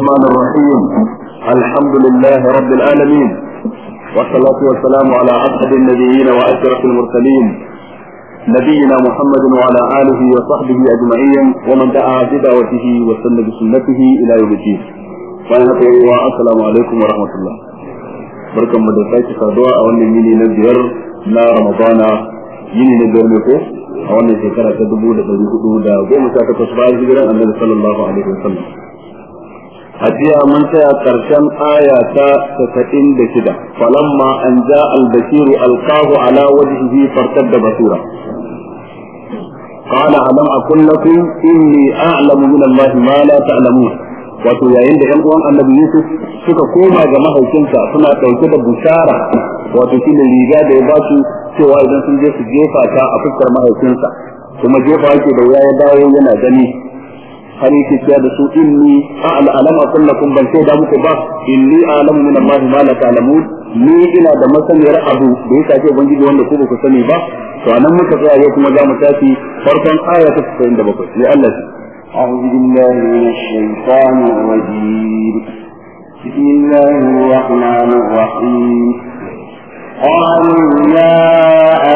الرحمن الرحيم الحمد لله رب العالمين والصلاة والسلام على أسعد النبيين وأشرف المرسلين نبينا محمد وعلى آله وصحبه أجمعين ومن دعا بدعوته وسن بسنته إلى يوم الدين السلام عليكم ورحمة الله barkan mu da sake saduwa a wannan yini na biyar na ramadana yini na biyar ne ko a wannan shekara ta dubu da ɗari hudu da sha takwas bayan hijiran annabi sallallahu alaihi أجيا من تيا آية تسعين بكدا فلما أن جاء البشير ألقاه على وجهه فارتد بصيرا قال ألم أقل لكم إني أعلم من الله ما لا تعلمون wato yayin da yan uwan annabi Yusuf suka koma ga mahaifinsa suna ɗauke da bushara wato shi ne riga da ya ba cewa idan sun je su jefa ta a fuskar mahaifinsa kuma jefa yake da ya dawo yana gani har yake cewa da su inni a'la alam aqul lakum bal shaida muku ba inni a'lamu min Allah ma la ta'lamun ni ina da masaniyar abu da ya shafi ubangiji wanda ku ba ku sani ba to anan muka tsaya yau kuma za mu tafi farkon aya ta 97 ya Allah أعوذ بالله من الشيطان الرجيم بسم الله الرحمن الرحيم قالوا يا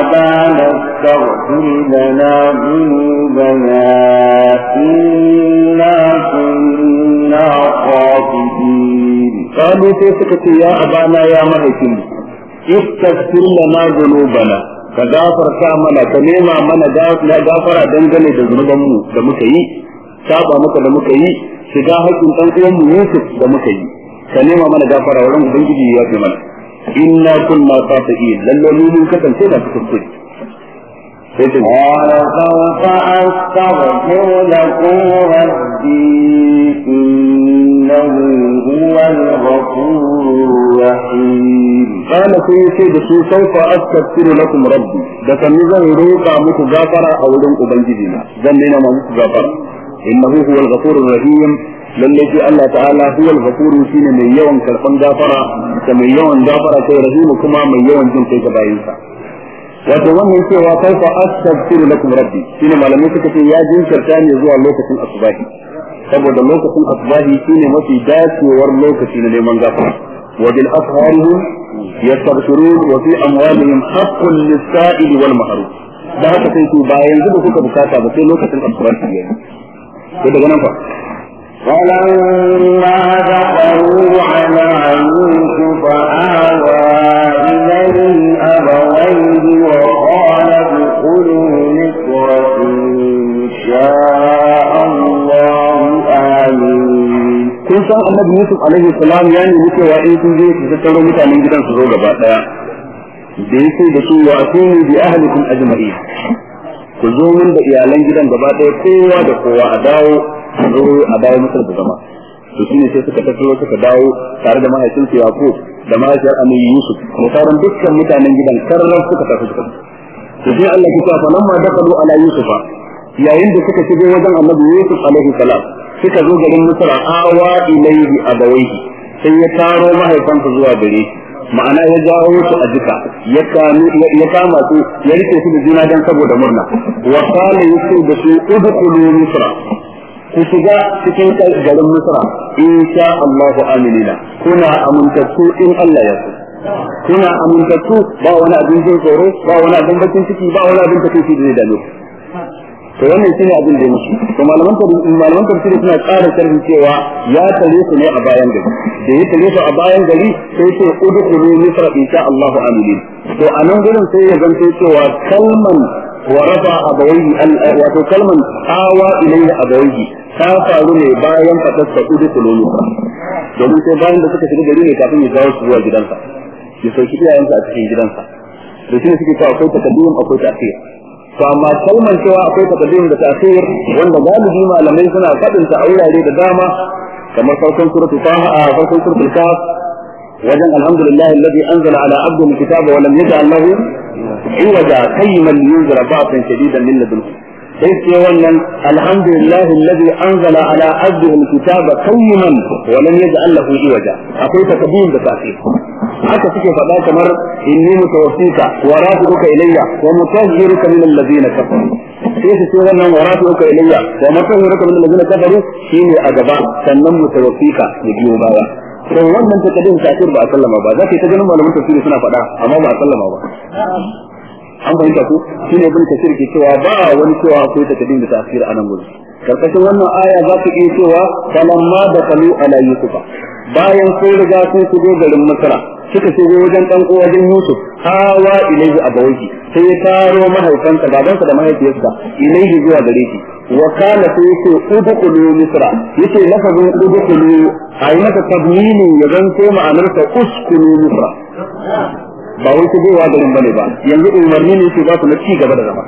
أبانا استغفر لنا ذنوبنا إنا كنا خاطئين قالوا سيسكت يا أبانا يا استغفر لنا ذنوبنا ka gafarta mana ka nema mana gafara dangane da zunubanmu da muka yi saba muka da muka yi shiga haƙƙin ɗan uwanmu Yusuf da muka yi ka nema mana gafara wurin ubangiji ya mana inna kunna fatihin lallani mun kasance da kuskure قال سي سي ده سوف استغفر لكم ربي ده كان يزن روقا مكو a اولن ubangiji na zan nuna muku gafara إنه هو الغفور الرحيم لليجي الله تعالى هو الغفور فينا من يوم كالقم جافرة كمن يوم جافرة كي رحيم كما من يوم جن كي تبايلتا وتوني في وطوفة أستغفر لكم ربي فينا ما لم يتكت يا جن كرتان يزوى اللوكة الأصباحي تبو دلوكة الأصباحي فينا ما في داس وور اللوكة فينا من جافرة وبالأطهار يستغفرون وفي أموالهم حق للسائل والمحروف da haka sai su bayan zuba suka bukata ba sai ko daga nan fa فلما دخلوا على يوسف آوى إليه أبويه وقال ادخلوا مصر إن شاء الله آمين kun san annabi Yusuf alaihi ya nemi cewa in kun je ku tattaro mutanen gidan su zo gaba daya da yake da su wa ku zo min da iyalan gidan gaba ɗaya kowa da kowa a dawo a zo a dawo musu da zama to shine sai suka tafi suka dawo tare da mahaifin su Yaqub da mahaifiyar Annabi Yusuf da sauran dukkan mutanen gidan karrar suka tafi suka to sai Allah ya ce fa lamma dakalu ala Yusufa yayin da suka shigo wajen Annabi Yusuf alaihi salam suka zo garin Misra awa ilayhi abawaihi sai ya taro mahaifansa zuwa gare shi ma'ana ya jawo su a jika ya kama su ya rike su da juna dan saboda murna wa kana yusuf da su udkhulu misra ku shiga cikin garin misra insha Allah aminina kuna amintattu in Allah ya so kuna amintattu ba wani abin jin tsoro ba wani abin bakin ciki ba wani abin tafiye da zai dame ku to wannan shine abin da yake to malaman malaman suna ƙara sharhi cewa ya tare su ne a bayan gari da ya tare su a bayan gari sai ce udkhulu misra insha Allahu amin to anan gurin sai ya zanto cewa kalman ورفع أبويه eh, wato kalman awa إليه أبويه ta faru ne bayan fatar da kudu kulolu domin sai bayan da suka shiga gari ne kafin ya dawo su zuwa gidansa ya sauki iyayensa a cikin gidansa shi ne akwai akwai فما كلمن سوى أخوك تدين بتأثير وأن ذلك ما لم يسنى فإن تأولى لي بدامة كما فرقن سورة طه فرقن سورة الكاف وجن الحمد لله الذي أنزل على عبده الكتاب ولم يجعل له عوجا قيما لينزل بعضا شديدا من لدنه الحمد لله الذي أنزل على عبده الكتاب قيما ولم يجعل له عوجا أقول تقديم بكافي حتى تكي فضاك مر إني متوفيك ورافقك إلي ومطهرك من الذين كفروا كيف تقول أن ورافقك إلي ومطهرك من الذين كفروا شيء أجبا سنم متوفيك يجيو بابا فهو من تقديم تأكيد بأسلم أبا ذاك يتجنم على من تفكير سنة فضاء أمام أسلم أبا an fahimta ku shi ne bin kasir cewa ba wani cewa akwai takaddim da tafsir anan gurin karkashin wannan aya za ku iya cewa ma da kalu ala yusufa bayan sun riga sun shigo garin masara suka shigo wajen dan uwa wajen yusuf hawa ilaihi abawaihi sai ya taro mahaifansa babansa da mahaifiyarsa ilaihi zuwa gare shi wa kana sai yace udkhulu misra yace lafazin udkhulu ayi mata yadan ya zanto ma'anarsa uskulu misra ba wai zuwa garin bane ba yanzu umarni ne ke ba su na ci gaba da zama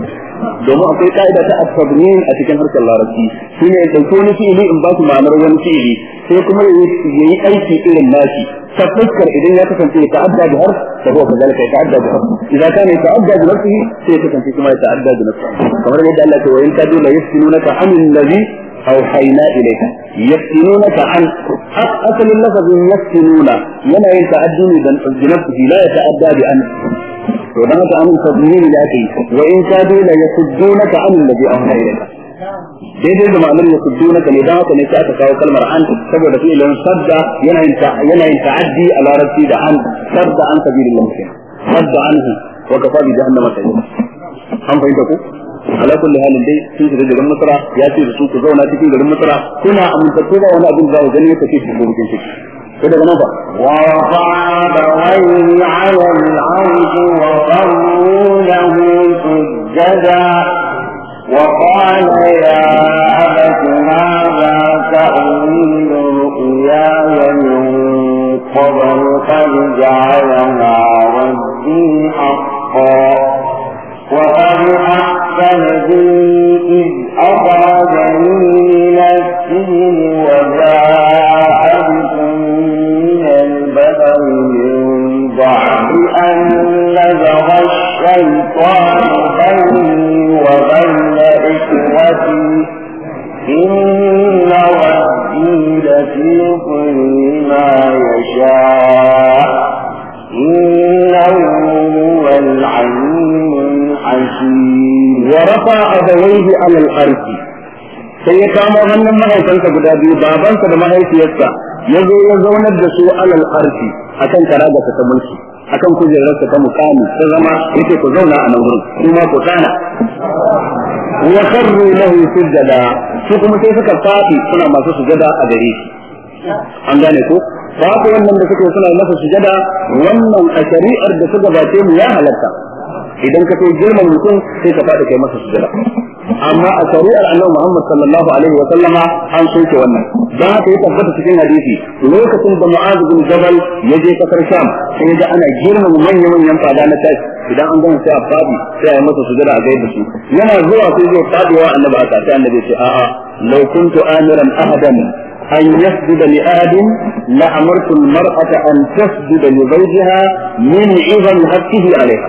domin akwai ka'ida ta at a cikin harkar larabci shine ko ni shi ne in ba su ma'anar wani fi'ili sai kuma ya yi aiki irin nashi ta fuskar idan ya kasance ta adda da har da ko ka zalika ya adda da har idan ne ya adda da nafsihi sai ta kasance kuma ya adda da nafsihi kamar yadda Allah ya ce wa in tadu la yasilunaka amin ladhi أوحينا إليك يفتنونك عن أصل اللفظ يفتنون ينا يتعدون بن جنبه لا يتعدى بأن ربما تعمل تضمين لأكي وإن كادوا ليصدونك عن الذي أوحى إليك دي دي ما من يصدونك لذا وكني سأتك أو كلمة عن سبب دفئ لهم صد ينا يتعدي على رسيد عن صد عن سبيل الله مكين عنه وكفى بجهنم سبيل an fahimta ko ala kulli halin dai sun shiga garin masara ya ce da su ku zauna cikin garin masara kuna amintattu ba wani abin za ku gani ka ce shi ko cikin daga nan ba wa qada ghayri ala al wa qarru lahu sujada wa qala ya abati ma za ta'wilu ru'ya wa min qabl qad ja'alna له sai ya kamo hannun mahaifansa guda biyu babansa da mahaifiyarsa ya zo ya zaunar da su alal arfi akan karagarsa ta mulki akan kujerarsa ta mukami ta zama yake ku zauna a nan wurin kuma ku tsana Ya sarru lahu sujada su kuma sai suka faɗi suna masu sujada a gare shi an gane ko ku wannan da suke suna masa sujada wannan a shari'ar da suka gabace mu ya halatta idan ka so girman mutum sai ka faɗi kai masa sujada amma a shari'ar annabi Muhammad sallallahu alaihi wa sallama an soke wannan dan haka ya tabbata cikin hadisi lokacin da Mu'az bin Jabal ya je kasar Sham sai ga ana girmama manyan manyan fada na tashi idan an gama sai a fadi sai a yi masa sujada a gaida su yana zuwa sai zai fadiwa annabi aka sai annabi ce a'a law kuntu amiran ahadan أن يسجد لأحد لأمرت المرأة أن تسجد لزوجها من عظم حقه عليها.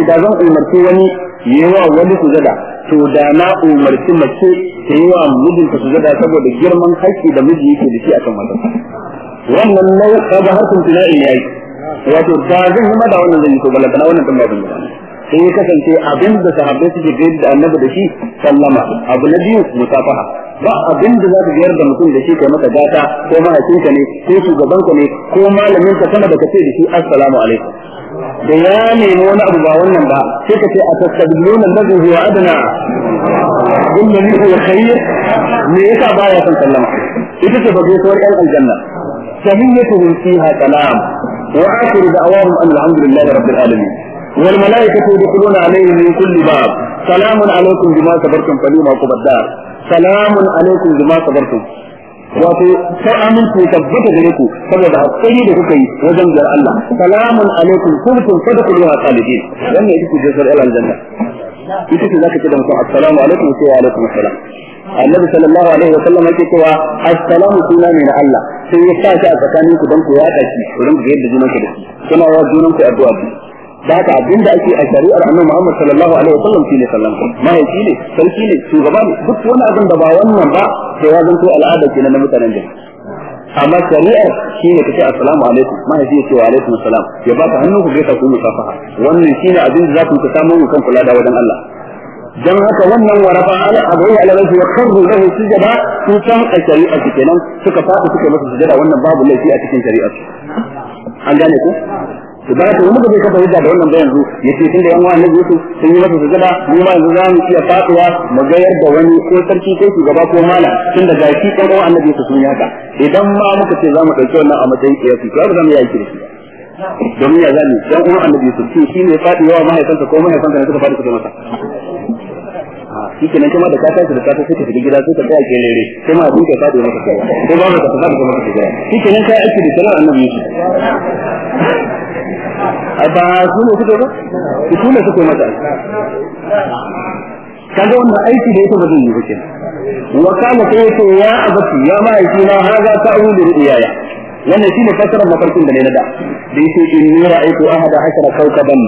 إذا زم المرتي وني يوا ولي سجدا to da na umarci mace ta yi wa mijinta su gada saboda girman haƙƙi da miji yake da shi kan mata wannan nau kaga hakan tunai yayi wato da zan yi mada wannan zan yi to balaka na wannan tun ba sai ya kasance abin da sahabbai suke gaida da annabi da shi sallama abu na biyu musafaha ba abin da za ka biyar da mutum da shi kai maka gata ko ma mahaifinka ne ko shugabanka ne ko malamin ka kana da kace da shi assalamu alaikum da ya nemi wani abu ba wannan ba sai ka ce a tasabbiluna allazi huwa adna inna huwa khair me yasa ya san sallama ita ce bagayatuwar yan aljanna تحيتهم fiha سلام wa akhir da'awam an لله rabbil alamin والملائكة يدخلون عليه من كل باب سلام عليكم بما صبرتم فليما عقب الدار salamun alaikum bima sabartum wato ta aminci tabbata gare ku saboda hakuri da kuka yi wajen biyar Allah salamun alaikum kuntum tadkhuluha khalidin wannan ita ce jasar aljanna ita ce zaka ce da mutum assalamu alaikum sai wa alaikum assalam annabi sallallahu alaihi wa sallam yake cewa assalamu suna ne na Allah sai ya sa shi a tsakaninku dan ku yaɗa shi ku rinka yadda junan ku da shi kuna wa junan ku addu'a da ka abin da ake a shari'ar annabi Muhammad sallallahu alaihi wasallam ne sallan mahaifi ne sarki ne shugaba ne duk wani abin da ba wannan ba sai ya zanto al'ada ce na mutanen da amma shari'ar shine kace assalamu alaikum mahaifi ya ce wa alaikum assalam ya baka hannu ku gaita ku musafaha wannan shine abin da za ku ta samu kan kula da wajen Allah dan haka wannan warafa ala abu abai ala rasu ya karbu lahu sujada sun san a shari'a kenan suka fada suka masa sujada wannan babu laifi a cikin shari'a an gane ku to da kai wani bai kafa yadda da wannan da yanzu yace tun da yan annabi Yusuf sun yi masa sujada mu ma yanzu mu iya fatuwa mu gayar da wani ko sarki ko shugaba ko mala tun da gashi ɗan uwa annabi Yusuf sun idan ma muka ce wannan a matsayin kiyasi za mu yi aiki da shi domin ya zani dan uwan annabi Yusuf shi shine fadi yawa mahaifansa ko mahaifansa ne suka fadi suka masa ah, shi kenan kuma da ka tashi da kafa suka shiga gida suka tsaya ke lere sai ma abin ka fadi maka kai ko ba ka fadi maka kai shi kenan kai aiki da shari'ar annabi Yusuf ba su ne suke ba su ne suke mata kaga wannan aiki da yake ba zai yi ba kenan wa kana sai yace ya abati ya ma'aiki na haza ta'ulu ru'yaya wannan shine fasarar mafarkin da ne na da da yake inni ra'aytu ahada ashara kawkaban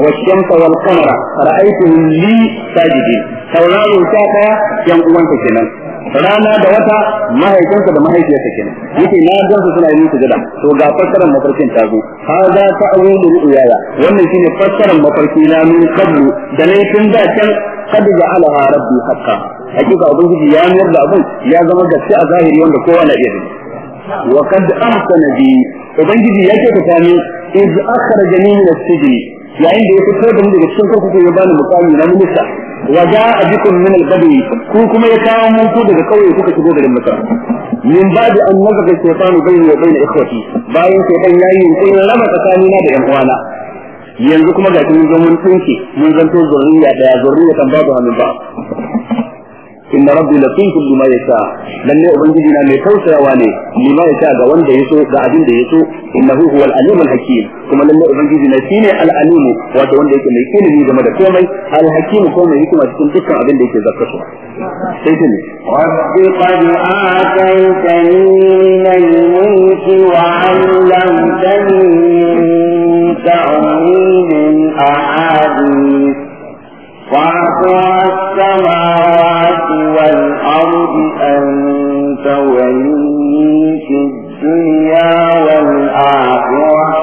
wa shamsa wal qamara ra'aytuhum li sajidin tauraron ta ta yan uwan uwanta kenan rana da wata mahaifinsa da mahaifiyarsa kenan yake na su suna yin sujada to ga fassarar mafarkin ta zo auri ta'wilu yaya. wannan shine fassarar mafarki na min qablu da ne tun da can kad ja'alaha rabbi hakka hakika ubangiji ya mayar da abun ya zama gaske a zahiri wanda kowa na iya gani wa kad ahsana bi ubangiji ce ta sami iz akhrajani min as-sijni yayin da ya fito da mu daga cikin kurkuku ya bani mukami na minista wa ja'a bikum min al-badwi ku kuma ya kawo mun ku daga kauye kuka shigo garin Masar min ba'di an nazara shaytanu bayni wa bayna ikhwati bayan dan yayi yunkurin raba tsakanina da yan uwana yanzu kuma ga kin zo mun tunke mun zanto zuriya daya zuriya kan babu hamin ba إن ربي لطيف لما يشاء لن أبنجدنا من توسعوا لما يشاء ذا وند يسوء ذا إنه هو العليم الحكيم كما لن أبنجدنا سيني العليم وذا وند يكون يكون لي جمد كومي الحكيم كومي يكون أسكن تكا عدل يكون ذا كسوة سيدني رب قد آتيتني من الملك وعلمتني من تأويل الأحاديث وأعطى والأرض أنت ولي في الدنيا والآخرة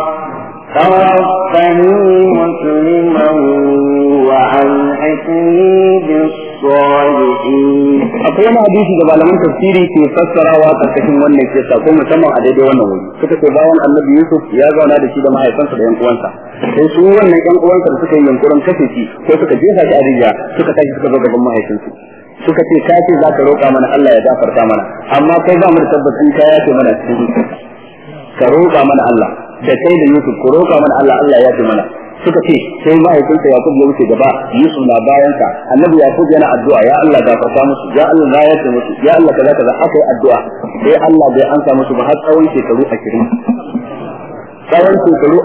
توفني مسلما وألحقني Eh, akwai wani hadisi da malaman tafsiri ke fassarawa karkashin wannan ke ko musamman a daidai wannan wuri suka ce bayan annabi yusuf ya zauna da shi da mahaifansa da yan uwansa sai su wannan yan uwansa da suka yi yunkurin kashe shi ko suka jefa shi a rijiya suka tashi suka zo gaban mahaifinsu suka ce ka ce za ka roƙa mana Allah ya gafarta mana amma kai ba mu da tabbacin ka ya ce mana cikin ka roƙa mana Allah da kai da Yusuf ku roƙa mana Allah Allah ya ce mana suka ce sai mahaifinsa ya ya wuce gaba Yusuf na bayan ka annabi Yaqub yana addu'a ya Allah ga fasa musu ya Allah na yake musu ya Allah kaza kaza akai addu'a sai Allah bai ansa musu ba har tsawon shekaru 20 tsawon shekaru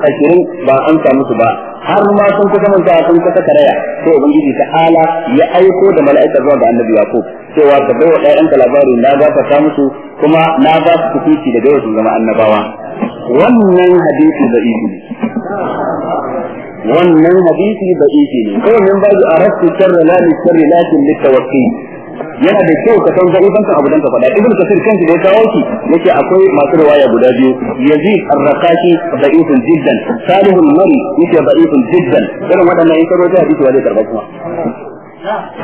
20 ba an samu su ba har ma sun kusa manta sun kusa karaya sai ubangiji ta ala ya aiko da mala'ika zuwa ga annabi yakub cewa ka bai wa ɗayanka labarin na gafarta musu kuma na ba su kuci daga yau sun zama annabawa wannan hadisi da ne wannan hadisi da ifi ne ko min a arastu sharra la li sharri lakin li tawaqqi yana da kyau ka san zaifanka abu dan ka faɗa ibn kasir kanki da ya kawo ki? yake akwai masu riwaya guda biyu yazid ar-raqashi da'ifun jiddan salih al-mari yake da'ifun jiddan irin waɗannan yake karo ta hadisi wale zai karba kuma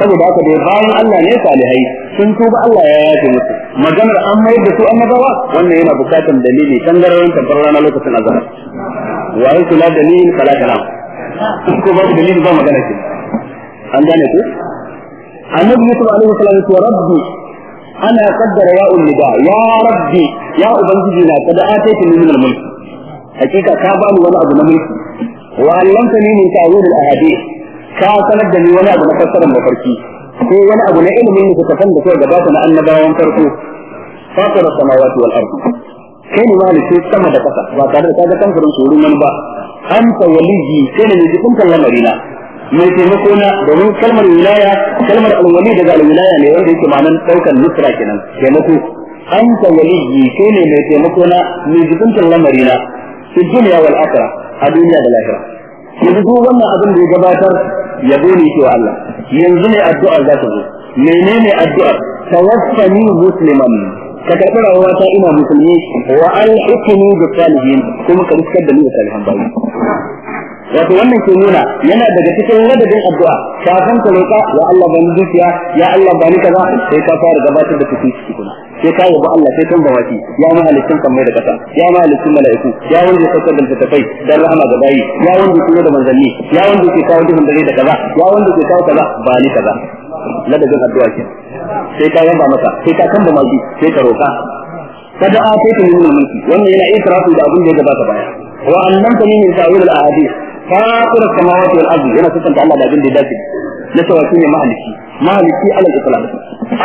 saboda haka dai bayan Allah ne salihai sun tuba Allah ya yafe musu maganar an mayar da su annabawa wannan yana bukatan dalili tangararren tabbar rana lokacin azaba wa yakula dalilin kala kala in ko babu dalili ba magana ke an gane ku annabi yusuf alaihi salam ya ce rabbi ana qaddara ya ulida ya rabbi ya ubangiji na kada atayka min al-mulk hakika ka ba ni wani abu na mulki wa allamtani min ta'wil al-ahadith ka sanar da ni wani abu na fassarar mafarki ko wani abu na ilimin da kuka san da kai gabata na annabawan farko fatar samawati wal ardi kai ne ma ne mahalicci sama da kasa ba tare da kaga kan furin surun wani ba anta waliyyi sai ne mai jikuntar lamarina mai taimako na domin kalmar wilaya kalmar alwali daga alwilaya ne wanda yake ma'anar daukar nusra kenan taimako anta waliyyi sai ne mai taimako na mai jikuntar lamarina fi dunya wal akhirah a duniya da lahira yanzu duk wannan abin da ya gabatar ya gode shi wa Allah yanzu ne addu'ar za ta zo menene addu'ar tawaffani musliman ka karɓi rayuwa ta ina musulmi wa an hukumi da salihin kuma ka riskar da ni da salihan bayi wato wannan ke nuna yana daga cikin ladabin addu'a kafin ka roƙa ya Allah ba ni dukiya ya Allah ba kaza sai ka fara gabatar da kuɗi ciki kuna sai ka yabo Allah sai kan gawaki ya mahalicin kan mai da kasa ya mahalicin mala'iku ya wanda ya saukar da tafai da rahama ga bayi ya wanda ya tura da manzanni ya wanda ke kawo duhun dare da kaza ya wanda ke kawo kaza ba ni kaza ladabin addu'a ke sai ka yamba masa sai ka kamba maki sai ka roka kada a sai ka nuna mulki wannan yana itirafu da abin da ya baka baya wa annan ta min ta'wil al-ahadith fa as-samawati wal ardi yana sukan Allah da abin da ya dace na cewa shine mahaliki mahaliki alal islam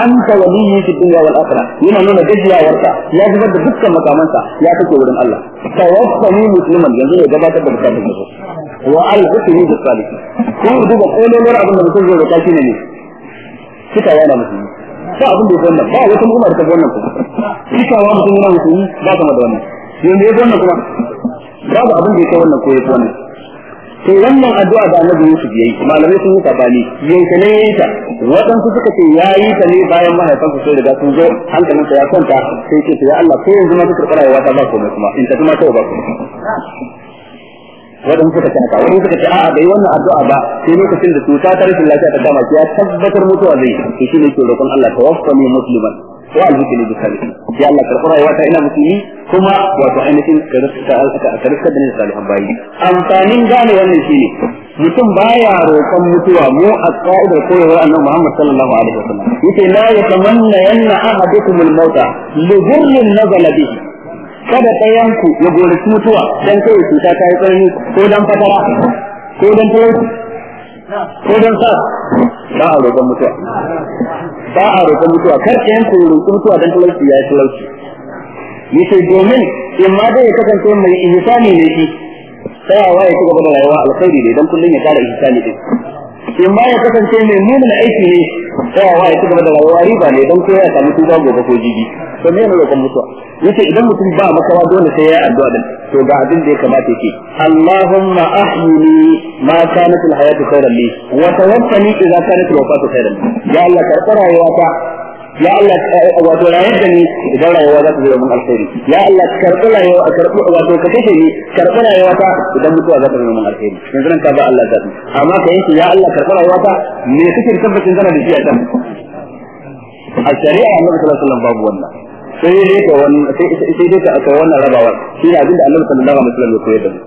anta waliyyi fi dunya wal akhirah yana nuna gajiyawarka ya zubar da dukkan makamansa ya kace wurin Allah tawaffani musliman yanzu ya gabatar da dukkan wa al-hukmi bis-salihin kun duba wani abu da mutum zai roka shine ne cikawa na musulmi ba abin da ya wannan ba wata ta wannan cikawa musulmi ba kama da wannan yanzu ya wannan kuma abin da ya wannan ko ya wannan to wannan addu'a da annabi Yusuf yayi malamai sun yi sabani yanke ne yayi suka ce yayi ta ne bayan mahaifansa sai daga sun zo hankalinsa ya kwanta sai ce ya Allah ko yanzu ma ka karɓa ta ba komai kuma in ta kuma ta ba komai wadanda suka ce haka wadanda suka ce a'a bai wannan addu'a ba sai lokacin da cuta ta rashin lafiya ta kama ya tabbatar mutuwa zai shi ne ke roƙon Allah tawaffani musliman ko alhikni bi salihin ya Allah karɓi rayuwa ta ina musulmi kuma wato ainihin ka rika da salihan bayi amfanin gane wannan ne mutum baya roƙon mutuwa mu a ka'idar koyarwar annabi Muhammad sallallahu alaihi wasallam yace la yatamanna yanna ahadukum al-mauta li dhurrin nazala bihi kada ɗayanku ya gori mutuwa don kai cuta ta yi tsarni ko don fatara ko don talauci ko don sa ba a roƙon mutuwa ba a roƙon mutuwa kar ɗayan ku ya roƙi mutuwa don talauci ya yi talauci yace domin in ma dai ya kasance mai ihsani ne shi tsayawa ya ci gaba da rayuwa alkhairi ne don kullum ya ihisa ihsani din in ma ya kasance mai munin aiki ne wa ya ci gaba da rayuwa riba ne don koya sami tuba gobe ko jibi to me ne roƙon mutuwa yace idan mutum ba makawa dole sai ya addu'a din to ga abin da ya kamata yake Allahumma ahyini ma kanat al-hayatu khayran li wa tawaffani idha kanat al-wafatu khayran ya Allah karɓa rayuwata ya Allah wato rayar da ni idan rayuwa za ta zama mun alheri ya Allah karɓi rayuwa karɓi wato ka kashe ni karɓi rayuwa ta idan mutuwa za ta zama mun alheri yanzu nan ka ba Allah zaɓi amma ka yanke ya Allah karɓi rayuwa ta me kake tabbacin kana da shi a can a shari'a Annabi sallallahu alaihi wasallam babu wannan sai dai ka wani sai dai ka aka wannan rabawa shi ne abinda Annabi sallallahu alaihi wasallam ya koyar da mu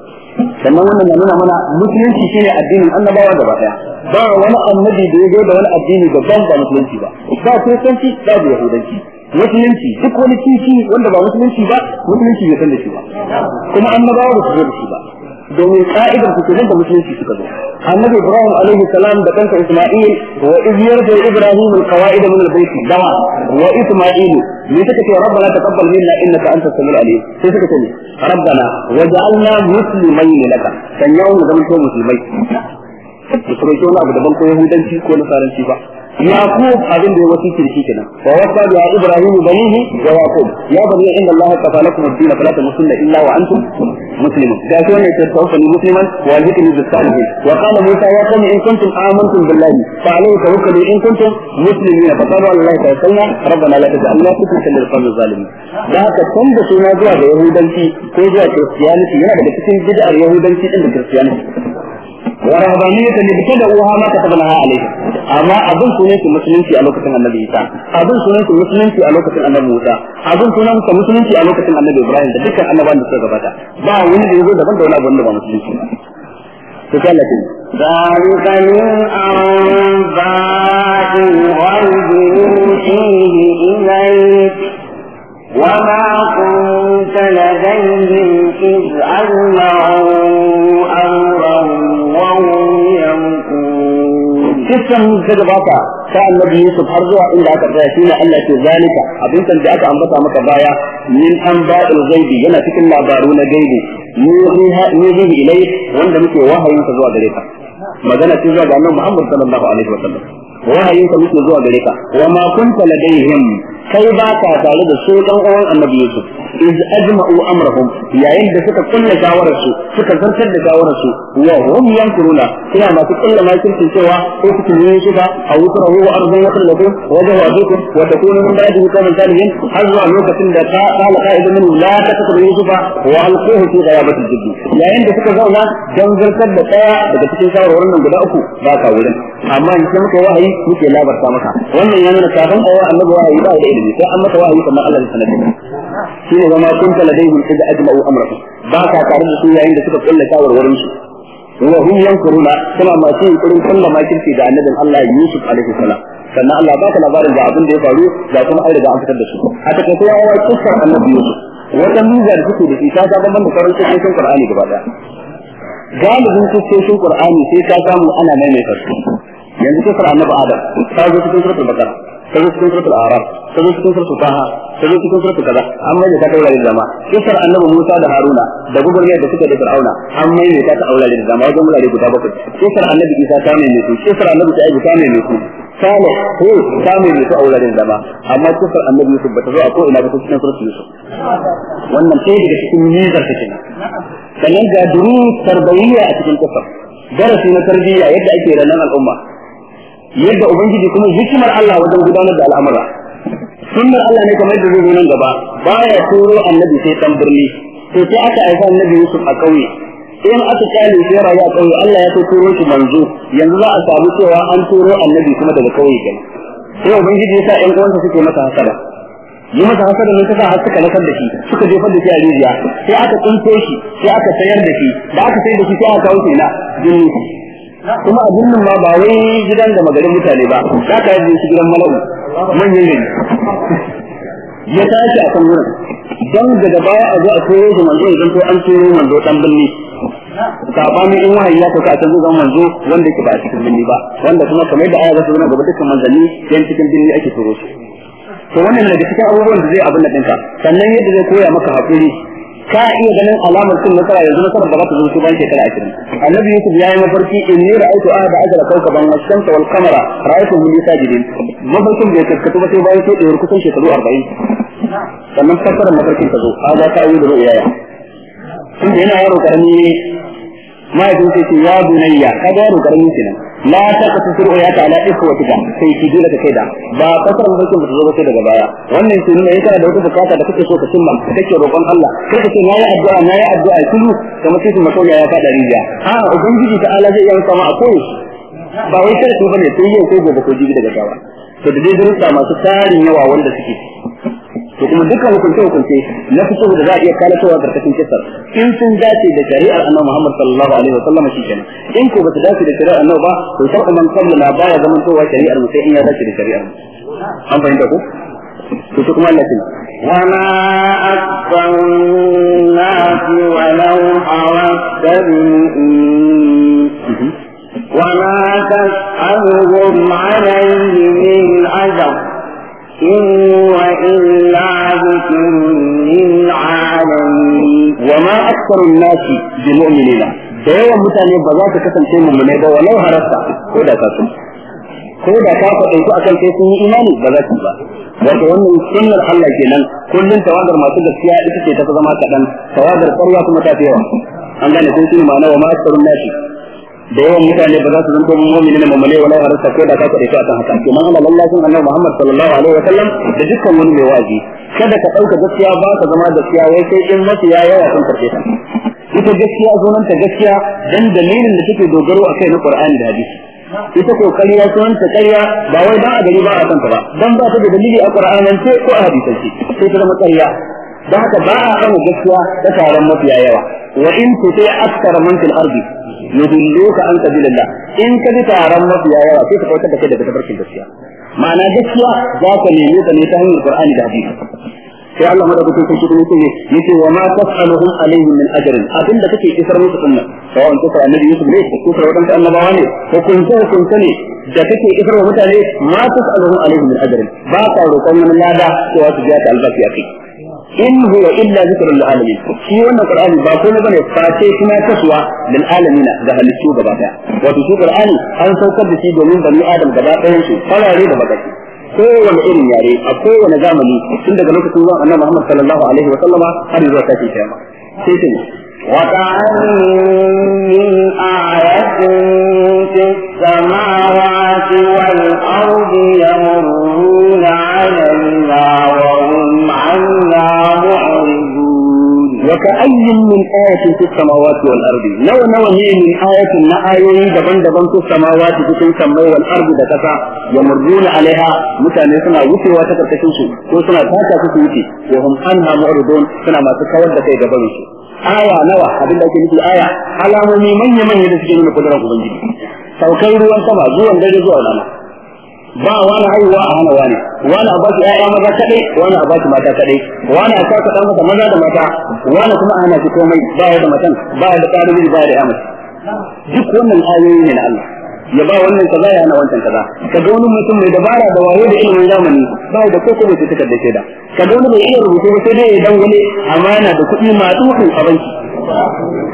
sannan wannan na nuna mana musulunci shine addinin annabawa gaba daya ba wani annabi da ya zo da wani addini daban ba musulunci ba ba kiristanci ba da yahudanci musulunci duk wani kishi wanda ba musulunci ba musulunci bai san da shi ba kuma annabawa ba su zo da shi ba domin ka'idar su da musulunci suka zo annabi ibrahim alaihi salam da kanka isma'il wa iz yarda ibrahim alqawaid min albayt dawa wa isma'il ne suka ce rabbana taqabbal minna innaka antas samiul alim sai suka ce rabbana waj'alna muslimayn laka sanyawu zaman to musulmai da kuma shi wani abu daban ko yahudanci ko nasaranci ba yaqub abin da ya wasu kirki kenan wa wasa bi ibrahim banihi wa yaqub ya bani inna allaha qad lakum ad-din fala tamutunna illa wa antum مسلمون ده كان يتوفني مسلما والهكني بالصالحين وقال موسى يا قوم ان كنتم امنتم بالله فعليه توكلوا ان كنتم مسلمين فقالوا على الله توكلنا ربنا لا تجعلنا فتنه للقوم الظالمين ده haka tun da suna zuwa da yahudanci ko zuwa kiristiyaniti yana daga cikin bid'ar yahudanci din da kiristiyaniti ورهبانية اللي ابتدأوها ما كتبناها عليه أما أظن سنة مسلم في ألوكة النبي إيسا أظن سنة مسلم في ألوكة النبي موسى أظن سنة مسلم في ألوكة النبي إبراهيم ده دكا أنبان دكا غباتا ما وين يقول ده بند ولا بند ما مسلم فكالة ذلك من أنباء الغيب يوحيه إليك وما كنت لديهم إذ أجمعوا dukkan da ta gabata ta annabi Yusuf har zuwa inda aka tsaya shine Allah ke zalika abin da aka ambata maka baya min an ba'il gaibi yana cikin labaru na gaibi yuhihi ilayk wanda muke wahayin ka zuwa gare ka magana ce zuwa ga annabi Muhammad sallallahu alaihi wasallam wahayinka muke zuwa gare ka wa ma kunta ladaihim kai ba ka tare da su dan uwan annabi Yusuf iz ajma'u amrahum yayin da suka kulla shawarar su suka zartar da shawarar su wa hum yankuruna suna masu kulla makircin cewa ko kuke yin shi ba a wutar hu wa arzun wa tallatu wa jawazuku wa takunu min ba'di qawmin salihin har zuwa lokacin da ka qala qa'idun min la taqtulu yusufa wa alquhu fi ghayabati jiddi yayin da suka zauna dan zartar da daya daga cikin shawarwarin nan guda uku ba ka wurin amma in sai muka wahayi malamai muke labarta maka wannan ya nuna kafin awa annabi wa yi ba da ilimi sai an maka wahayi kamar Allah ya sanar shi ne zama kun ta ladaihim idza ajma'u amrahu ba ka tare da su yayin da suka kulla shawarwarin su wa hum yankuruna kuma masu yunkurin kulla kirki da annabin Allah Yusuf alaihi salam sannan Allah ba ka labarin da abin da ya faru da kuma an riga an fitar da su a kai ya wa kissar annabi Yusuf wata miza da suke da shi ta ga ban da karin cikin Qur'ani gaba daya galibin cikin Qur'ani sai ka samu ana maimaita su yanzu kisar annabi adam ta zo cikin suratul bakara ta zo cikin suratul araf ta zo cikin suratul taha ta zo cikin suratul kaza an mai ta kaura da zama kisar annabi musa da haruna da gugurmiyar da suka da fir'auna an mai ta ta aura da zama wajen wurare guda bakwai kisar annabi isa ta mai ne su kisar annabi ta ta mai ne su sale ko ta mai ne su a wuraren zama amma kisar annabi yusuf ba ta zo a ko ina ba ta cikin suratul yusuf wannan sai daga cikin nizar take ne sannan ga duru tarbiyya a cikin kisar darasi na tarbiyya yadda ake ranar al'umma yadda ubangiji kuma hikimar Allah wajen gudanar da al'amura sunnar Allah ne kamar yadda zai nan gaba baya turo annabi sai dan birni to sai aka aika annabi Yusuf a kauye in aka kyale shi rayu a kauye Allah ya turo shi manzo yanzu za a samu cewa an turo annabi kuma daga kauye kenan sai ubangiji ya sa ƴan uwansa suke masa hasada yi masa hasada ne har suka lakar da shi suka jefar da shi a rijiya sai aka tsinto shi sai aka sayar da shi da aka sayar da shi sai aka kawo shi na jini kuma abin nan ma ba wai gidan da magarin mutane ba za ka yi shi gidan mala'u manyan ne ya tashi a kan wurin don daga baya a zo a koyo da manzo idan ko an koyo manzo dan binni mu in wahayi ya sauka a can zan manzo wanda ke ba a cikin binni ba wanda kuma kamar da aya za ta zama gaba dukkan manzanni yan cikin binni ake turo su to wannan daga cikin abubuwan da zai abin da ɗinka sannan yadda zai koya maka haƙuri ka iya ganin alamar cin nasara yanzu nasarar ba za ta zo shi ban shekara ashirin annabi yusuf ya yi mafarki in ni ra'aytu ahada ajra kawkaban ash-shamsa wal qamara ra'aytu hum li sajidin mafarkin bai kaskatu ba sai bayan sai ɗayar kusan shekaru arba'in sannan fassarar mafarkin ta zo a za ta yi da ru'yaya tun da yana yaro karami mahaifin sai ce ya bunayya ka ga yaro karamin kenan la ta ka su suru ya ta'ala ikhwatika sai ki dole ka kaida ba kasar da mutu zo sai daga baya wannan shi ne yake da wata bukata da kake so ka cimma kake roƙon Allah kai ka ce nayi addu'a nayi addu'a kullu kamar sai mako ya ka da riya a ubangiji ta Allah zai yanka ma akwai ba wai sai ko bane sai yau ko gobe ko jibi daga gawa to da dai durusa masu tarin yawa wanda suke to kuma dukkan hukunce hukunce na fito da za a iya kala a karkashin kisar in sun dace da shari'ar annabi Muhammad sallallahu alaihi wa sallam shi kenan in ko ba ta dace da shari'ar annabi ba to sai man kalla na baya zaman cewa shari'ar mu sai in ya dace da shari'ar mu an fahimta ko to su kuma Allah ce wa ma akbarun nas wa وما تسألهم عليه من أجر إن وإن aksarun nasi da yawan mutane ba za su kasance mummunai ba walau harasta ko da kasu ko da ka faɗin ku akan sai sun yi imani ba za su ba wato wannan sunnar Allah kenan kullun tawagar masu gaskiya ita ce ta zama kaɗan tawagar ƙarya kuma ta fi yawa an gane ko shi ma'ana wa ma aksarun nasi da yawan mutane ba za su zanto mu'mini ne mamale wala harasta ko da ka kare ta haka kuma Allah lallacin annabi Muhammad sallallahu alaihi wa sallam da dukkan wani mai wazi kada ka dauka gaskiya ba ka zama gaskiya wai sai in mace ya yawa sun karfe ta ita gaskiya sunanta gaskiya dan dalilin da take dogaro akai na Qur'ani da hadisi ita ko kariya sunanta kariya ba wai ba a gari ba a san ta ba dan ba ta da dalili a Qur'anance ko a hadisance sai ta zama kariya da haka ba a kan gaskiya da taron mafiya yawa wa in tuti akthar man fil ardi yudilluka an sabilillah in ka bi taron mafiya yawa sai ka kautar da kai daga tabarkin gaskiya ma'ana gaskiya za ka nemi ta ne ta hanyar qur'ani da hadisi sai Allah madaukakin sarki da yake yake wa ma tas'aluhum alayhi min ajrin da kake isar musu kunna. sawan ko ka annabi Yusuf ne ko ka wadan annabawa ne ko kun ce kun sani da kake isar wa mutane ma tas'aluhum alayhi min ajrin ba ka roƙon wani lada ko wasu biya ta albashi akai in huwa illa zikrun lil alamin shi wannan qur'ani ba komai bane face kuma kasuwa lil alamin ga halittu gaba daya wato shi qur'ani an saukar da shi domin bani adam gaba ɗayan su farare da bakaki kowane irin yare a kowane zamani tun daga lokacin zuwa annabi Muhammad sallallahu alaihi wa sallama har zuwa tashi kiyama sai sai وكأن من آية في السماوات والأرض وكأي من آية في السماوات والأرض نو نو من آية من آيوي دبن دبن في السماوات في السماء والأرض دكتا يمرون عليها متان سنا وتي وتكركشن سو كو سنا تاكا سو وتي وهم أنها معرضون سنا ما تكور دكاي دبن سو آية نوى abin da ake nufi aya من من يمن da suke nuna kudurar ubangiji saukar ruwan sama zuwan ba wani haihuwa a hana wani wani a bashi ƴaƴa maza kaɗai wani a bashi mata kaɗai wani a kasa ɗan masa maza da mata wani kuma a hana shi komai ba ya da matan ba ya da ƙarin ba ya da ƴa duk wannan ayoyi ne na Allah ya ba wannan kaza ya hana wancan kaza ka ga wani mutum mai dabara da wayo da ilimin zamani ba da koko mai cutar da shaida ka ga wani mai iya rubutu ba sai dai ya dangane amana da kuɗi ma dukan a banki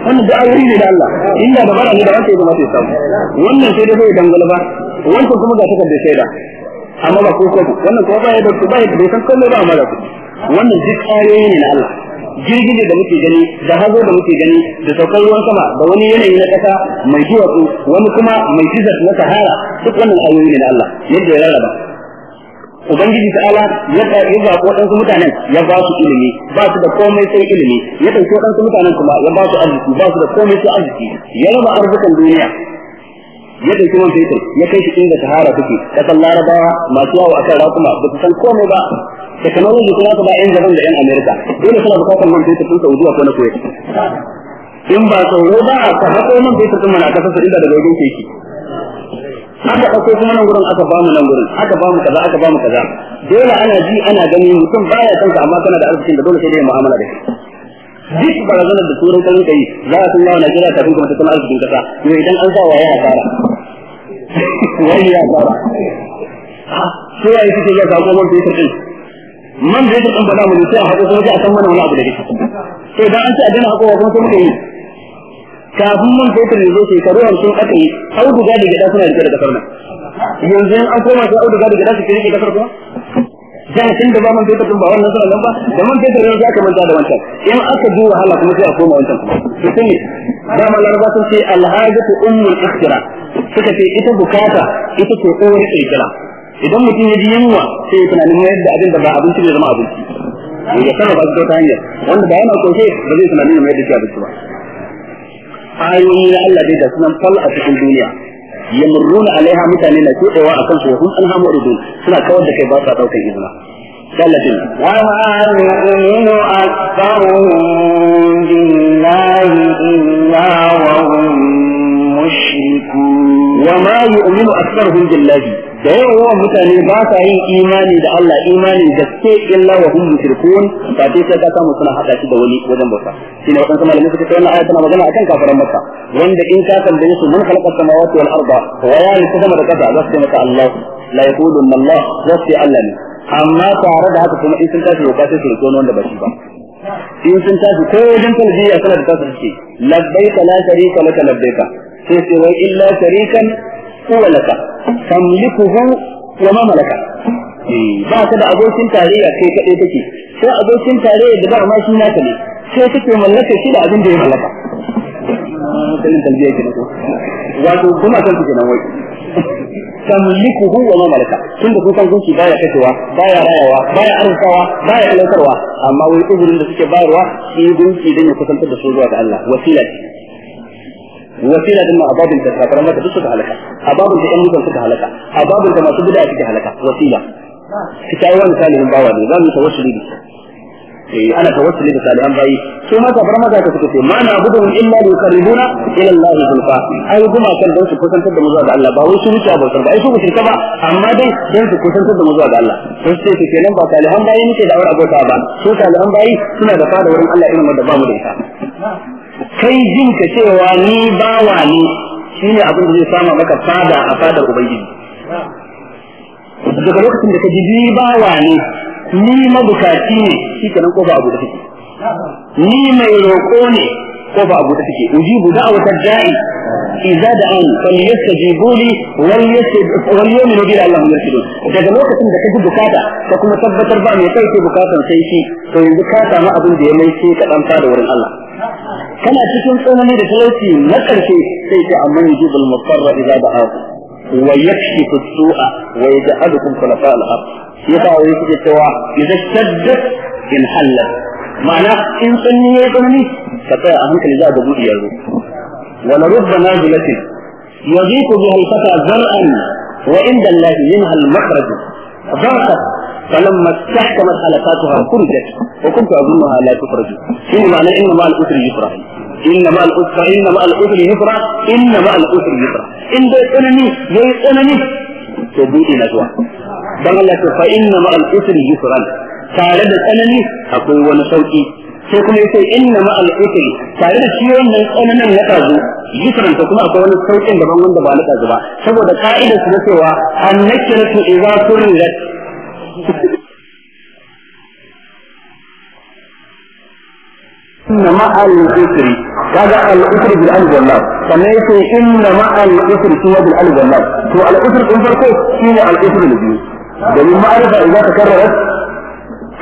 wannan da ayoyi ne da Allah inda dabara ne da wancan ya zama sai samu wannan sai dai bai dangane ba wancan kuma ga takardar shaida amma ba ko kofi wannan kuma baya da ba ya da san kallo ba amma da wannan duk ayoyi ne na Allah girgije da muke gani da hazo da muke gani da saukar ruwan sama da wani yanayi na kasa mai duwatsu wani kuma mai jizar na sahara duk wannan ayoyi ne na Allah yadda ya rarraba ubangiji ta ala ya ya ba ko dan mutanen ya ba su ilimi ba su da komai sai ilimi ya dauki dan mutanen kuma ya ba su arziki ba su da komai sai arziki ya raba arzikin duniya ya dauki man fetur ya kai shi inda tahara take kasan larabawa masu yawo kan rakuma ba su san komai ba technology kuma ta ba yan gaban da yan america dole suna bukatar man fetur sun saudiya ko na kuwait in ba tsoro ba a ka hako man fetur din mana kasar inda daga wajen ke ki aka ɗauko kuma nan gurin aka bamu nan gurin aka bamu kaza aka bamu kaza dole ana ji ana gani mutum baya kanka amma kana da arzikin da dole sai dai mu'amala da shi duk barazanar da turan kan yi za a tunawa jira kafin kuma ta kuma arzikin kasa to idan an sa wa ya fara wani ya fara Su ya yi kike ya ga goma da tafi? man da yake kan faɗa mu sai a haɗu, kuma sai a san mana wani abu da yake sai dan an ce a dana hako kuma sai muka yi kafin man fetur ne zai shekaru hamsin aka yi auduga da gida suna rike da kasar nan yanzu an koma sai auduga da gida su rike kasar kuma dan tun da ba man fetur ba wannan sanan ba da man fetur ne za ka manta da wancan in aka ji wahala kuma sai a koma wancan to sai da man laraba sun ce alhajatu ummul ikhtira suka ce ita bukata ita ce uwar ikhtira idan mutum ya ji yunwa sai ya tunanin ya yadda abin da ba abinci ne zama abinci ya sarrafa shi ta hanyar wanda da yana koshe ba zai tunanin ya yadda shi abinci ba ayoyi na Allah dai da sunan fal a cikin duniya yamruna alaiha mutane na kewa akan su hun an hamu rubun suna kawar da kai ba sa daukar izina sallatin wa ma'aminu aktharuhum billahi illa wa hum mushrikun wa ma yu'minu aktharuhum billahi da yawan yawan mutane ba sa yin imani da Allah imani da ke illa wa hum mushrikun ba dai sai ka samu suna hada shi da wani wajen bauta shine wadan kuma malamin suka ce wannan ayatu na magana akan kafiran makka wanda in ka tambaye su mun khalaqa samawati wal arda wa ya ni sama da kasa zasu maka Allah la yaqulun Allah zasu Allah ne amma tare da haka kuma in sun tafi roƙa sai su roƙo wanda ba shi ba in sun tashi ko wajen talbiya sanar da kasa suke labbaika la sharika laka labbaika sai sai wai illa sharikan huwa laka tamlikuhu wa ma malaka eh, ba ka da abokin tarayya kai kaɗai take sai abokin tarayya da ba ma shi naka ne sai take mallaka shi da abin da ya mallaka kalin talbiya ke nako wato kuma kan kuke nan wai tamlikuhu wa ma malaka tun tunda kun san ba ya kashewa baya rayawa arzikawa, ba ya talautarwa amma wai uzurin da suke bayarwa shi gunki don ya kusantar da su zuwa ga Allah wasila ce wasila din ma ababin da kafaran maka suka halaka ababin da yan mutan suka halaka ababin da masu bid'a suka halaka wasila ki tayi wani salihin bawa ne za mu tawassuli da eh ana tawassuli da salihan bayi su ma kafaran maka ka suka ce ma na budun illa li qaribuna ila Allah zulfa ai kuma kan don su kusantar da mu zuwa ga Allah ba wai su wuce abokan ba ai su kusantar ba amma dai don su kusantar da mu zuwa ga Allah sun ce ke nan ba salihan bayi nake da awar abota ba su salihan bayi suna da fada wurin Allah irin wanda ba mu da ita kai jin ka cewa ni bawa ne shine abin da zai sama maka fada a fadar ubangiji daga lokacin da ka ji ni bawa ne ni mabukaci ne shi kenan ko ba abu da take ni mai roƙo ne ko ba abu da take ujibu da'wata da'i idza da'an falyastajibu li wal yu'minu bi Allahi yarshudun daga lokacin da ka ji bukata ka kuma tabbatar ba mai kai ke bukatan sai shi to yanzu ka samu abin da ya mai sai ka dan da wurin Allah kana cikin tsanani da talauci na karshe sai ce amma yujibul mutarra idza da'aku wa yakshifu su'a wa yaj'alukum khulafa al-ard yasa wai suke cewa idza shaddat in halal ma'ana in tsanani yayi tsanani ka tsaya a hankali za ga gudu yanzu wa la rubba nazilatin yadhiqu biha al-fata zar'an wa inda allahi minha al-makhraj ضغطت فلما استحكمت حلقاتها فرجت وكنت اظنها لا تخرج شنو معنى انما الاسر يسرا انما الاسر انما الاسر يسرا انما الاسر يسرا ان بيتنني بيتنني تبوتي نجوى دم الله سوف انما الاسر يسرا تعالى بيتنني اقول وانا الاسر sai kuma ya ce inna ma al'ukuri tare da shi wannan tsananin ya kazo yusran ta kuma akwai wani saukin daban wanda ba na kazo ba saboda ka'idar su na cewa inna ma'al usri kaga al usri bil alif wal lam sannan yace inna ma'al usri shi bil alif wal lam to al usri din farko shine al usri da biyu ma'arifa idan ta karrara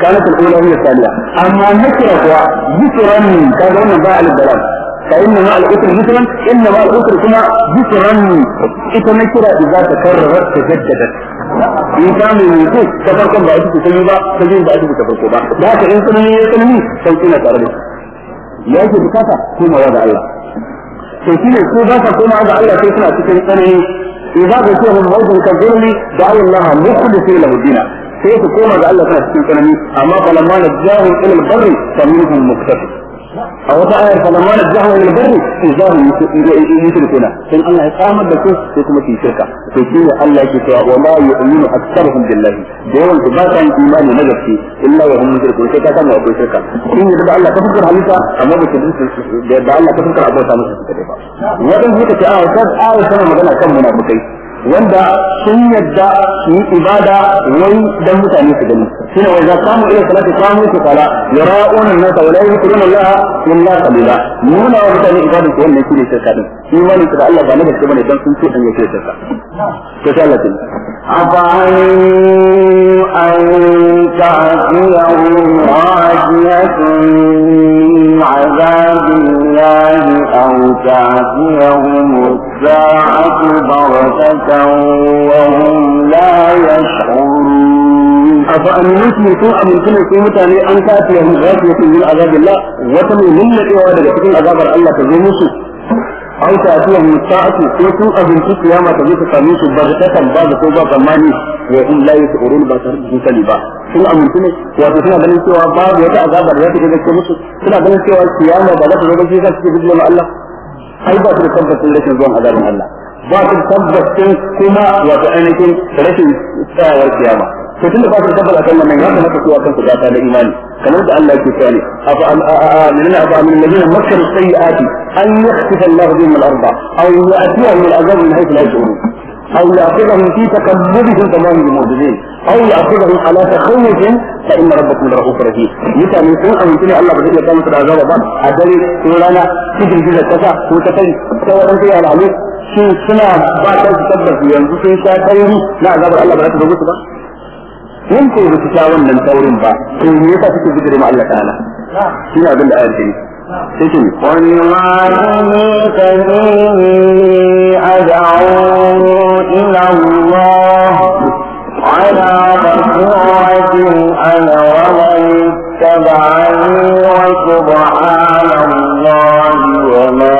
كانت الأولى هي الثانية أما نكرة ذكرا كان هنا inna البلد فإن مع الأسر ذكرا إن مع الأسر كما ذكرا in samu ne ko ta farkon ba ita ce sanyi ba ta jin ba ita ce ta farko ba da haka in sanyi ya sanyi sauki na tare da ya ke bukata komawa da Allah to shine ko ba ka koma ga Allah sai suna cikin tsanani idza qultum mawdun kadhurni da Allah mukhlisin lahu dina sai ku koma ga Allah suna cikin tsanani amma balamma najahum ila al-barri fa minhum muktasib أو تأهل فلما نجحوا إلى البر إذا يشركون فإن الله قام بكم فيكم في شركة فإن الله كتاب وما يؤمن أكثرهم بالله دون تباك عن إيمان مجد إلا وهم مشركون شركة كان وأبو شركة إن يدبع الله تفكر حليسا أما بسبب يدبع الله تفكر عبوة سامسة في التدفع وإن هي تتعاوة آية تتعاوة سنة مدنة كم منا بكي wanda sun yadda su yi ibada wai dan mutane su gani shine wai za qamu ila salati kamu su kala yara'una an-nasa wala la yadhkuruna Allah illa qalila nuna wa mutane ibada ko wannan ne shirka din imanin da Allah ba na gaske bane dan sun ce dan yake shirka to sai Allah tin afa'in an ta'tiyahum rajiyatun azabillah aw ta'tiyahum as-sa'atu barakatan wa hum la yash'urun afa aminci ko aminci ne ko mutane an kafiya mu zafi ko yin azabillah wata mai lullabewa daga cikin azabar Allah ta zo musu aw ta atiya ake ko sun abinci kiyama ta zo ta same su ba ta kan ba ko ba tsammani wa in la yashurun ba tare da sani ba sun amince ne wato suna ganin cewa babu wata azabar da ta ke musu suna ganin cewa kiyama ba za ta zo ba sai su ma Allah ai ba su da tabbacin rashin zuwan azabin Allah ba su tabbacin kuma wato ainihin rashin tsayawar kiyama to tunda ba su tabbata kan wannan ya kamata su akan su gata da imani كما يبدا الله في ثاني من الذين مكروا السيئات ان يخسف الله بهم الارض او ياتيهم العذاب من حيث لا يشعرون او ياخذهم في تقلبهم تمام هم او ياخذهم على تخوف فان ربكم لرؤوف رحيم من يكون ان يكون الله بزي يتعلم في العذاب بعد ادري كورانا تجي جزء كذا وتكي سوى ان تجي على عميد شو سنه بعد ان في ينزل في شاكرين لا عذاب الله بلا تزوجت بقى in ko ba su sha wannan taurin ba to me yasa suke bijire ma Allah ta'ala shine abin da ayar take sai ce wani ma ne kadini ad'u ila Allah ala basiratin ana wa man tabani wa subhana Allah wa ma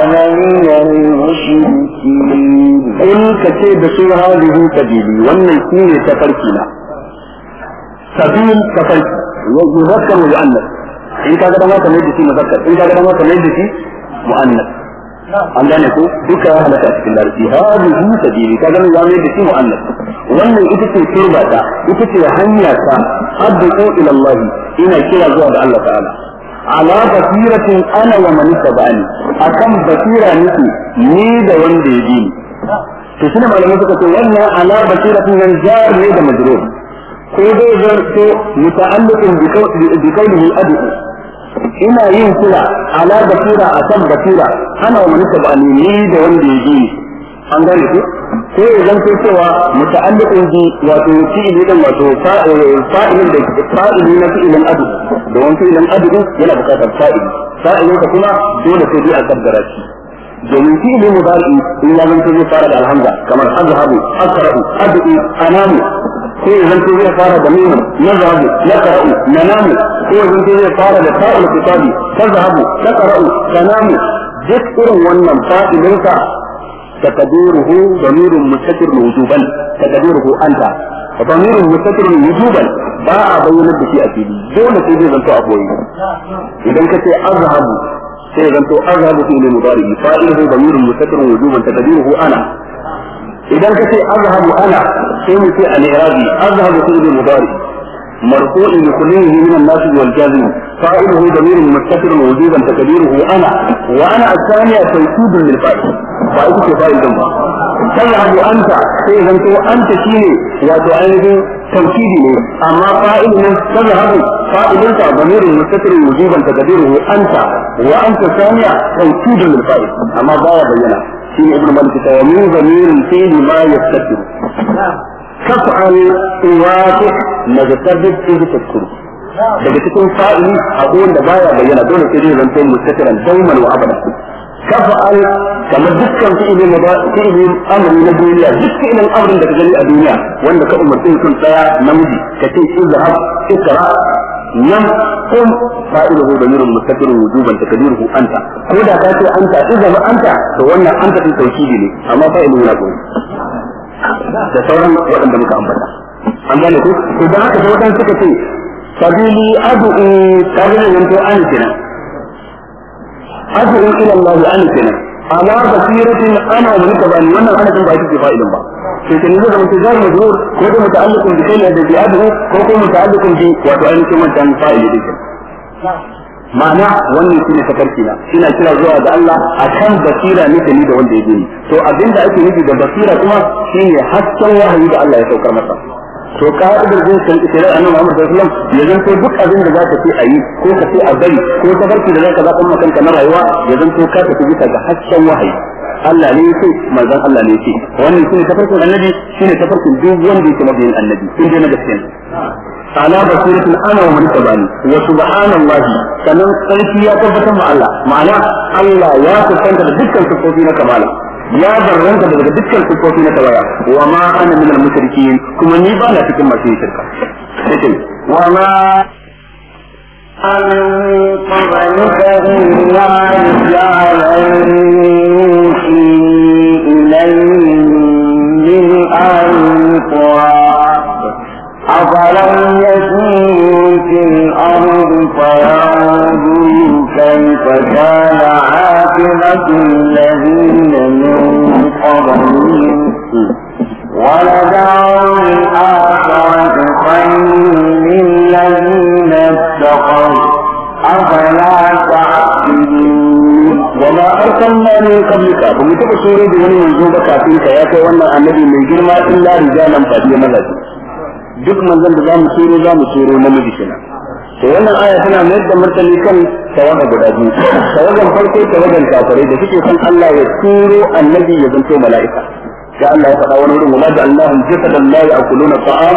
ana min al-mushrikin in kace da su hadihi kadili wannan shine tafarkina سبيل kafai wa yuzakkar wa yu'annas in ka ga في مذكر mai da shi muzakkar in ka ga mai an gane ko duka halaka a cikin larabci hadihi sabili ka ga ya mai da shi mu'annas wannan ita ce turba ta ita ce hanya ta addu'u ila Allah ina kira zuwa ga Allah ta'ala ala basiratin ana wa man tabani akan basira nake ni da wanda ya bi to malamai suka ce wannan ala basiratin nan da majrur sai dai zanto muta'alliqin bi qawlihi adu ina yin kira ala basira akan basira ana wani tabani ni da wanda ya ji an gane ku sai ya zanto cewa muta'alliqin bi wato fi'ili din wato fa'ilin da fa'ili na fi'ilin adu da wani fi'ilin adu yana bukatar fa'ili fa'ilin ka kuma dole sai dai a kaddara shi domin fi'ili mudari in ya zanto zai fara da alhamza kamar azhabu akra'u ad'u anamu ko ya zanto zai fara da nuna nazhabu nakra'u nanamu ko ya zanto zai fara da ta'ul kitabi tazhabu nakra'u tanamu duk irin wannan fa'ilinka ضمير مستتر وجوبا تقديره أنت ضمير مستتر وجوبا باع بين بشيء أكيد دون سيدي زنتو أبوي إذا كنت أذهب سيدي زنتو أذهب في المضارع فائله ضمير مستتر وجوبا تقديره أنا idan ka ce azhabu ana sai mu ce al-irabi azhabu kullu mudari مرفوع لكله من الناس والجزم فاعله ضمير متصل وجوبا تقديره انا وانا الثانيه تنسيب للفاعل فاعل في فاعل جنبه تذهب انت فاذا انت انت شيء وتعالج توكيدي ne amma fa'il nan tazhabu fa'ilin ta damirun mustatir wujuban taqdiruhu anta wa anta thaniya tawkidun lil fa'il amma baya bayyana شيء ابن مالك ومن ضمير الفيل ما يستتر تفعل توافق مجتهد فيه تذكره daga cikin fa'ili akwai wanda baya bayyana dole sai zai zanto mustatiran dauman wa abada kafa'al kamar dukkan fi'ili na ba fi'ili amri na duniya duk fi'ilin amrin da ka gani a duniya wanda ka umarci mutum tsaya namiji ka ce izhab ikra yam qum fa'iluhu damirun mustatirun wujuban takdiruhu anta ko da ka ce anta idan anta to wannan anta din tauhidi ne amma fa'iluhu na gobe da sauran waɗanda muka ambata an gane ko to dan haka sai wadan suka ce sabili ad'u sabili yanto an kenan ad'u ila Allah an kenan ala basiratin ana wa mutabani wannan ana tun ba ita ce fa'ilin ba لكن da كان متجار مجرور da متعلق بشيء الذي أدعو كده متعلق بوضع أنك من فاعل ذلك ma'ana wannan shine tafarki na ina kira zuwa ga Allah a kan basira nake ni da wanda ya gani to abinda ake nufi da basira kuma shine hasken wahayi da Allah ya saukar masa to ka'idar zai san isra annabi Muhammad sallallahu alaihi wasallam ya zanto duk abin da zaka ce ayi ko ka ce a bari ko tafarki da zaka kuma kanka na rayuwa ya zanto ka tafi bisa ga hasken wahayi Allah ne yake manzon Allah ne yake wannan shine tafarkin annabi shine tafarkin duk wanda yake mabiyin annabi in dai na gaskiya ala basiratin ana wa mulka bani wa subhanallahi sanan sarki ya tabbatar ma Allah ma'ana Allah ya kusanta da dukkan sifofi na kamala ya barranta daga dukkan sifofi na tawaya wa ma ana min al mushrikin kuma ni ba na cikin masu shirka sai wa ma أمن قبلك إلا رجالا أفلم يسيروا في الأرض فينظروا كيف كان عاقبة الذين من قبلهم ولدار الآخرة خير للذين اتقوا أفلا تعلمون wa ma arsalna min qablika ba mu taɓa sore da wani manzo ba kafin ka ya kai wannan annabi mai girma sun illa rijalan fadiya mazaji duk manzon da za mu sore zamu sore namiji kenan to wannan aya tana mai da martani kan tawaga guda biyu tawagan farko tawagan kafirai da suke son Allah ya turo annabi ya zanto mala'ika ya Allah ya faɗa wani wurin wala da ya Allahum jasadan la ya'kuluna ta'am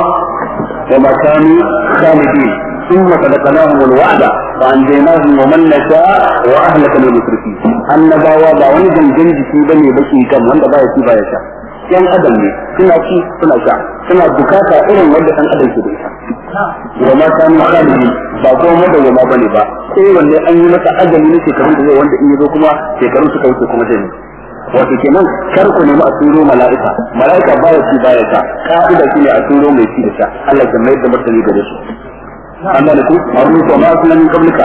wa ma kanu khamidin ثم خلقناهم الوعد وأنجيناه ومن نشاء وأهلكنا المشركين annabawa ba wani gangan jiki ba ne بشي كم wanda ba ya ci ba ya sha adam ne suna suna sha suna bukata irin wanda ɗan adam ke da ita wa ma ta nuna ɗalibi ba kuma madawwama ba ne ba sai wanne an yi masa ajali na shekarun da zai wanda wato kenan kar ne nemi a turo mala'ika mala'ika baya ci baya sha ka'ida ne a turo mai ci da sha Allah ya mai da martani gare su an da ku a wani kuma suna min kablika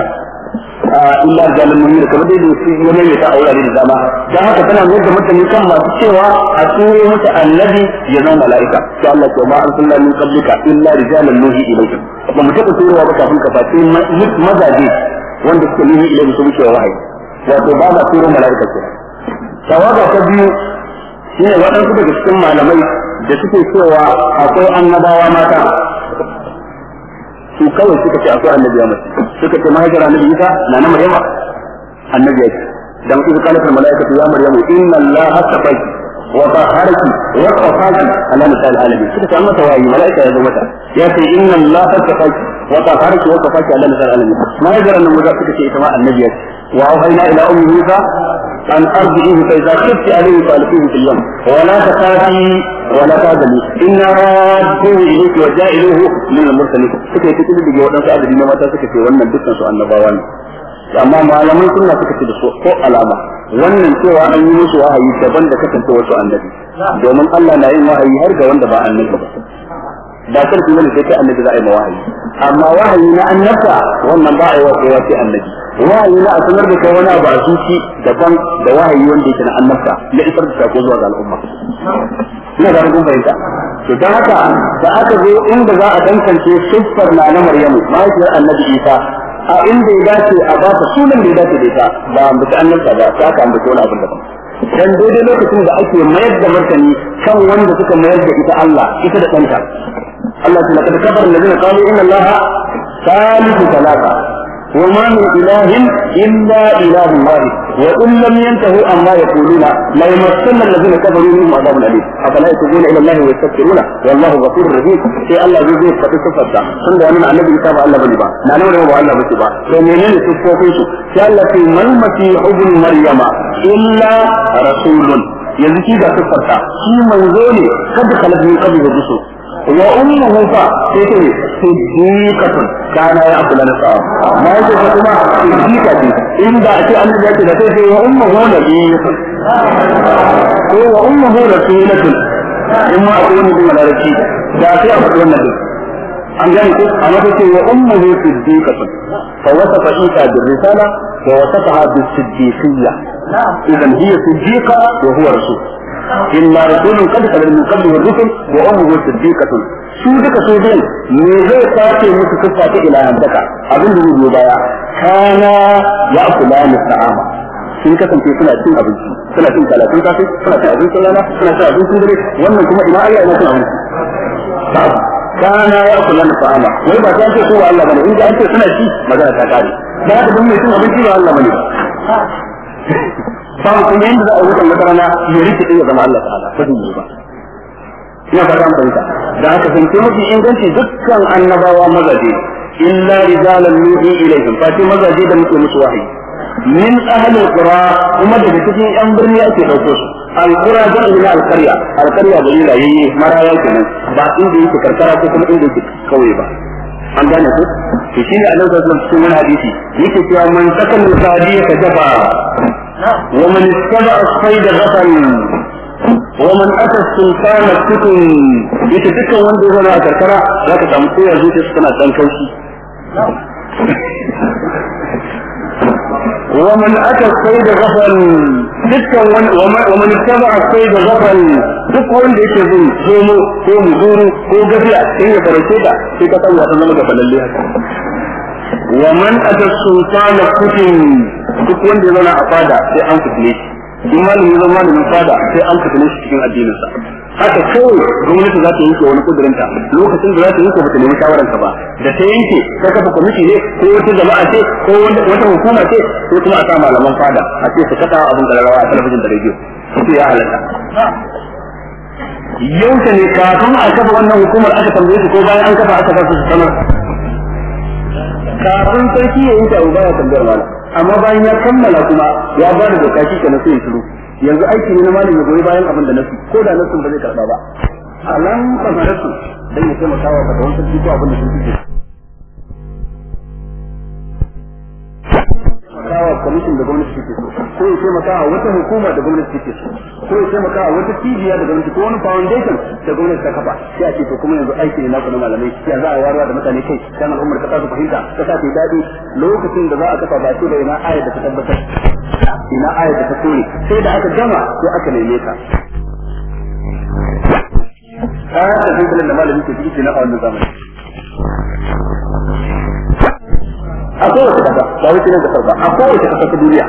illa jalal mun da kamar da su yi mai ta aure da dama dan haka tana mai da mutane kan masu cewa a tsoro mata annabi ya zama malaika to Allah ko ma an sunna min kablika illa rijalan nuhi ilayka ba mu taɓa tsorowa ba kafin ka face mazaje wanda suka nuhi ilayka su muke wahayi wato ba za tsoro malaika ke tawaga ta biyu ne waɗansu daga cikin malamai da suke cewa akwai annabawa mata su kawai suka ce akwai annabi ya suka ce mahaifiyar annabi Isa na na Maryama annabi ya ce dan su kana kan malaikatu ya Maryamu inna Allah tafaki wa taharaki wa tafaki ala misal alamin suka ce an mata wayi malaika ya zo mata ya ce inna Allah tafaki wa taharaki wa tafaki ala misal alamin mahaifiyar annabi suka ce ita ma annabi ya ce wa auhayna ila ummi Isa أن أرجعه فإذا خفت عليه فألقيه في اليم ولا تخافي ولا تعزلي إن رادوه إليك وجائلوه من المرسلين سكي تتبع لك وأن سعد بما ما تسكى في وأن الدكنا سوى النباوان أما ما لم يكن لا تكتب السوء فوء ألامة وأن سوى أن يوسوى هاي شبان لكتن سوى سوى النبي نعم. ومن الله لا إله إيهارك وأن دباء ba ku bane sai kai annabi za a yi wahayi amma wahayi na annabta wannan ba a yi wa kowa sai annabi wahayi na a sanar da kai wani abu a zuci daban da wahayi wanda yake na annabta na isar da sako zuwa ga al'umma ina da rubun bayyana to dan haka da aka zo inda za a tantance siffar na na maryamu mahaifiyar annabi isa a inda ya dace a ba ta sunan da ya dace da ita ba mu ta annabta ba ta ka ambaci wani abin daban dan daidai lokacin da ake mayar da martani kan wanda suka mayar da ita Allah ita da ɗanta Allah ta laqad kafara allazina qalu inna Allah salisu talata وما من إله إلا إله الله وإن لم ينتهوا عما يقولون لا يمثلن الذين كفروا منهم عذاب أليم أفلا يتوبون إلى الله ويستغفرون والله غفور رحيم في الله ذو ذي الصفة الصفة ثم على النبي كتب الله بالبا لا نؤمن به الله بالبا فمنين تستوقيت كالا في من مسيح ابن مريم إلا رسول يزكي ذا الصفة في منزول قد خلق من قبل الرسل وأمه صديقة كان يا عبد ما صديقة إن بعد أن جاءت لتجي وأمه نبي وأمه رسولة إما أكون صديقة فوصف إيكا بالرسالة ووصفها بالصديقية إذا هي صديقة وهو رسول illa rasulun qad qala min qablihi ar-rusul wa ummuhu siddiqatun su duka su din me zai sace musu kuka ta ila daka abin da zai baya kana ya'kulani ta'ama sun kasance suna cin abinci suna cin talatin safe suna cin abincin rana suna cin abincin dare wannan kuma ina Allah ina cin abinci kana ya'kulani ta'ama wai ba ta ce ko Allah bane in ga an ce suna ci magana ta kare ba da mun cin abinci wa Allah bane babu kuma yanda za a yi wutan wata rana ya rike ɗin ya zama Allah ta'ala ba zai ba ina fata an fahimta da aka fahimci mafi inganci dukkan annabawa mazaje illa rijalan nuhi ilaihim fa mazaje da muke musu wahayi min ahli qura kuma daga cikin yan birni ake dauko su alqura da ila alqarya alqarya da ila yi maraya kenan ba inda yake karkara ko kuma inda yake kauye ba an gane ku to shine annabi sallallahu alaihi wasallam cikin hadisi yake cewa man sakal sadiya jaba ومن اتبع الصيد غفل ومن اتى السلطان السكن ita dukkan wanda ya a karkara za ka samu koya zuciya su tana dan kaushi ومن اتى الصيد غفل dukkan duk wanda yake bin zomo ko muzuru ko gafiya sai ya farauce ta sai ka san ya zama gafalalle haka wa man السلطان sultana kutin duk wanda ya zauna a fada sai an fitile shi duk malami ya zama malamin fada sai an cikin addininsa haka kawai gwamnati za ta yanke wani kudurinta lokacin da za ta yanke bata nemi shawaran ka ba da ta yanke ka kafa kwamiti ne ko wata jama'a ce ko wata hukuma ce ko kuma a sa malaman fada a ce su kasa abin rawa a talabijin da rediyo su ya halatta yau ne kafin a kafa wannan hukumar aka tambaye su ko bayan an kafa aka kafa su sanar kafin sarki ya yi ta abu baya tambayar malam amma bayan ya kammala kuma ya ba da doka shi kenan ya shiru yanzu aiki ne na malam ya goyi bayan abin da nasu ko da nasu ba zai karɓa ba alam ba nasu dan ya taimaka wa fatawan sarki ko abin da sun fice taimakawa kwamishin da gwamnati take so ko ya wata hukuma da gwamnati so ko ya wata cibiya da gwamnati ko wani foundation da gwamnati ta kafa sai a ce to kuma yanzu aiki ne naku na malamai ya za a warwa da mutane kai kan al'ummar ka su fahimta ka sa ta daɗi lokacin da za a kafa ba ce da ina da ta tabbatar ina da ta sai da aka gama ko aka neme ka ta da hankalin da malami ke ciki na a wannan zamani a kowace kasa ba wai cikin kasar ba a kowace kasa ta duniya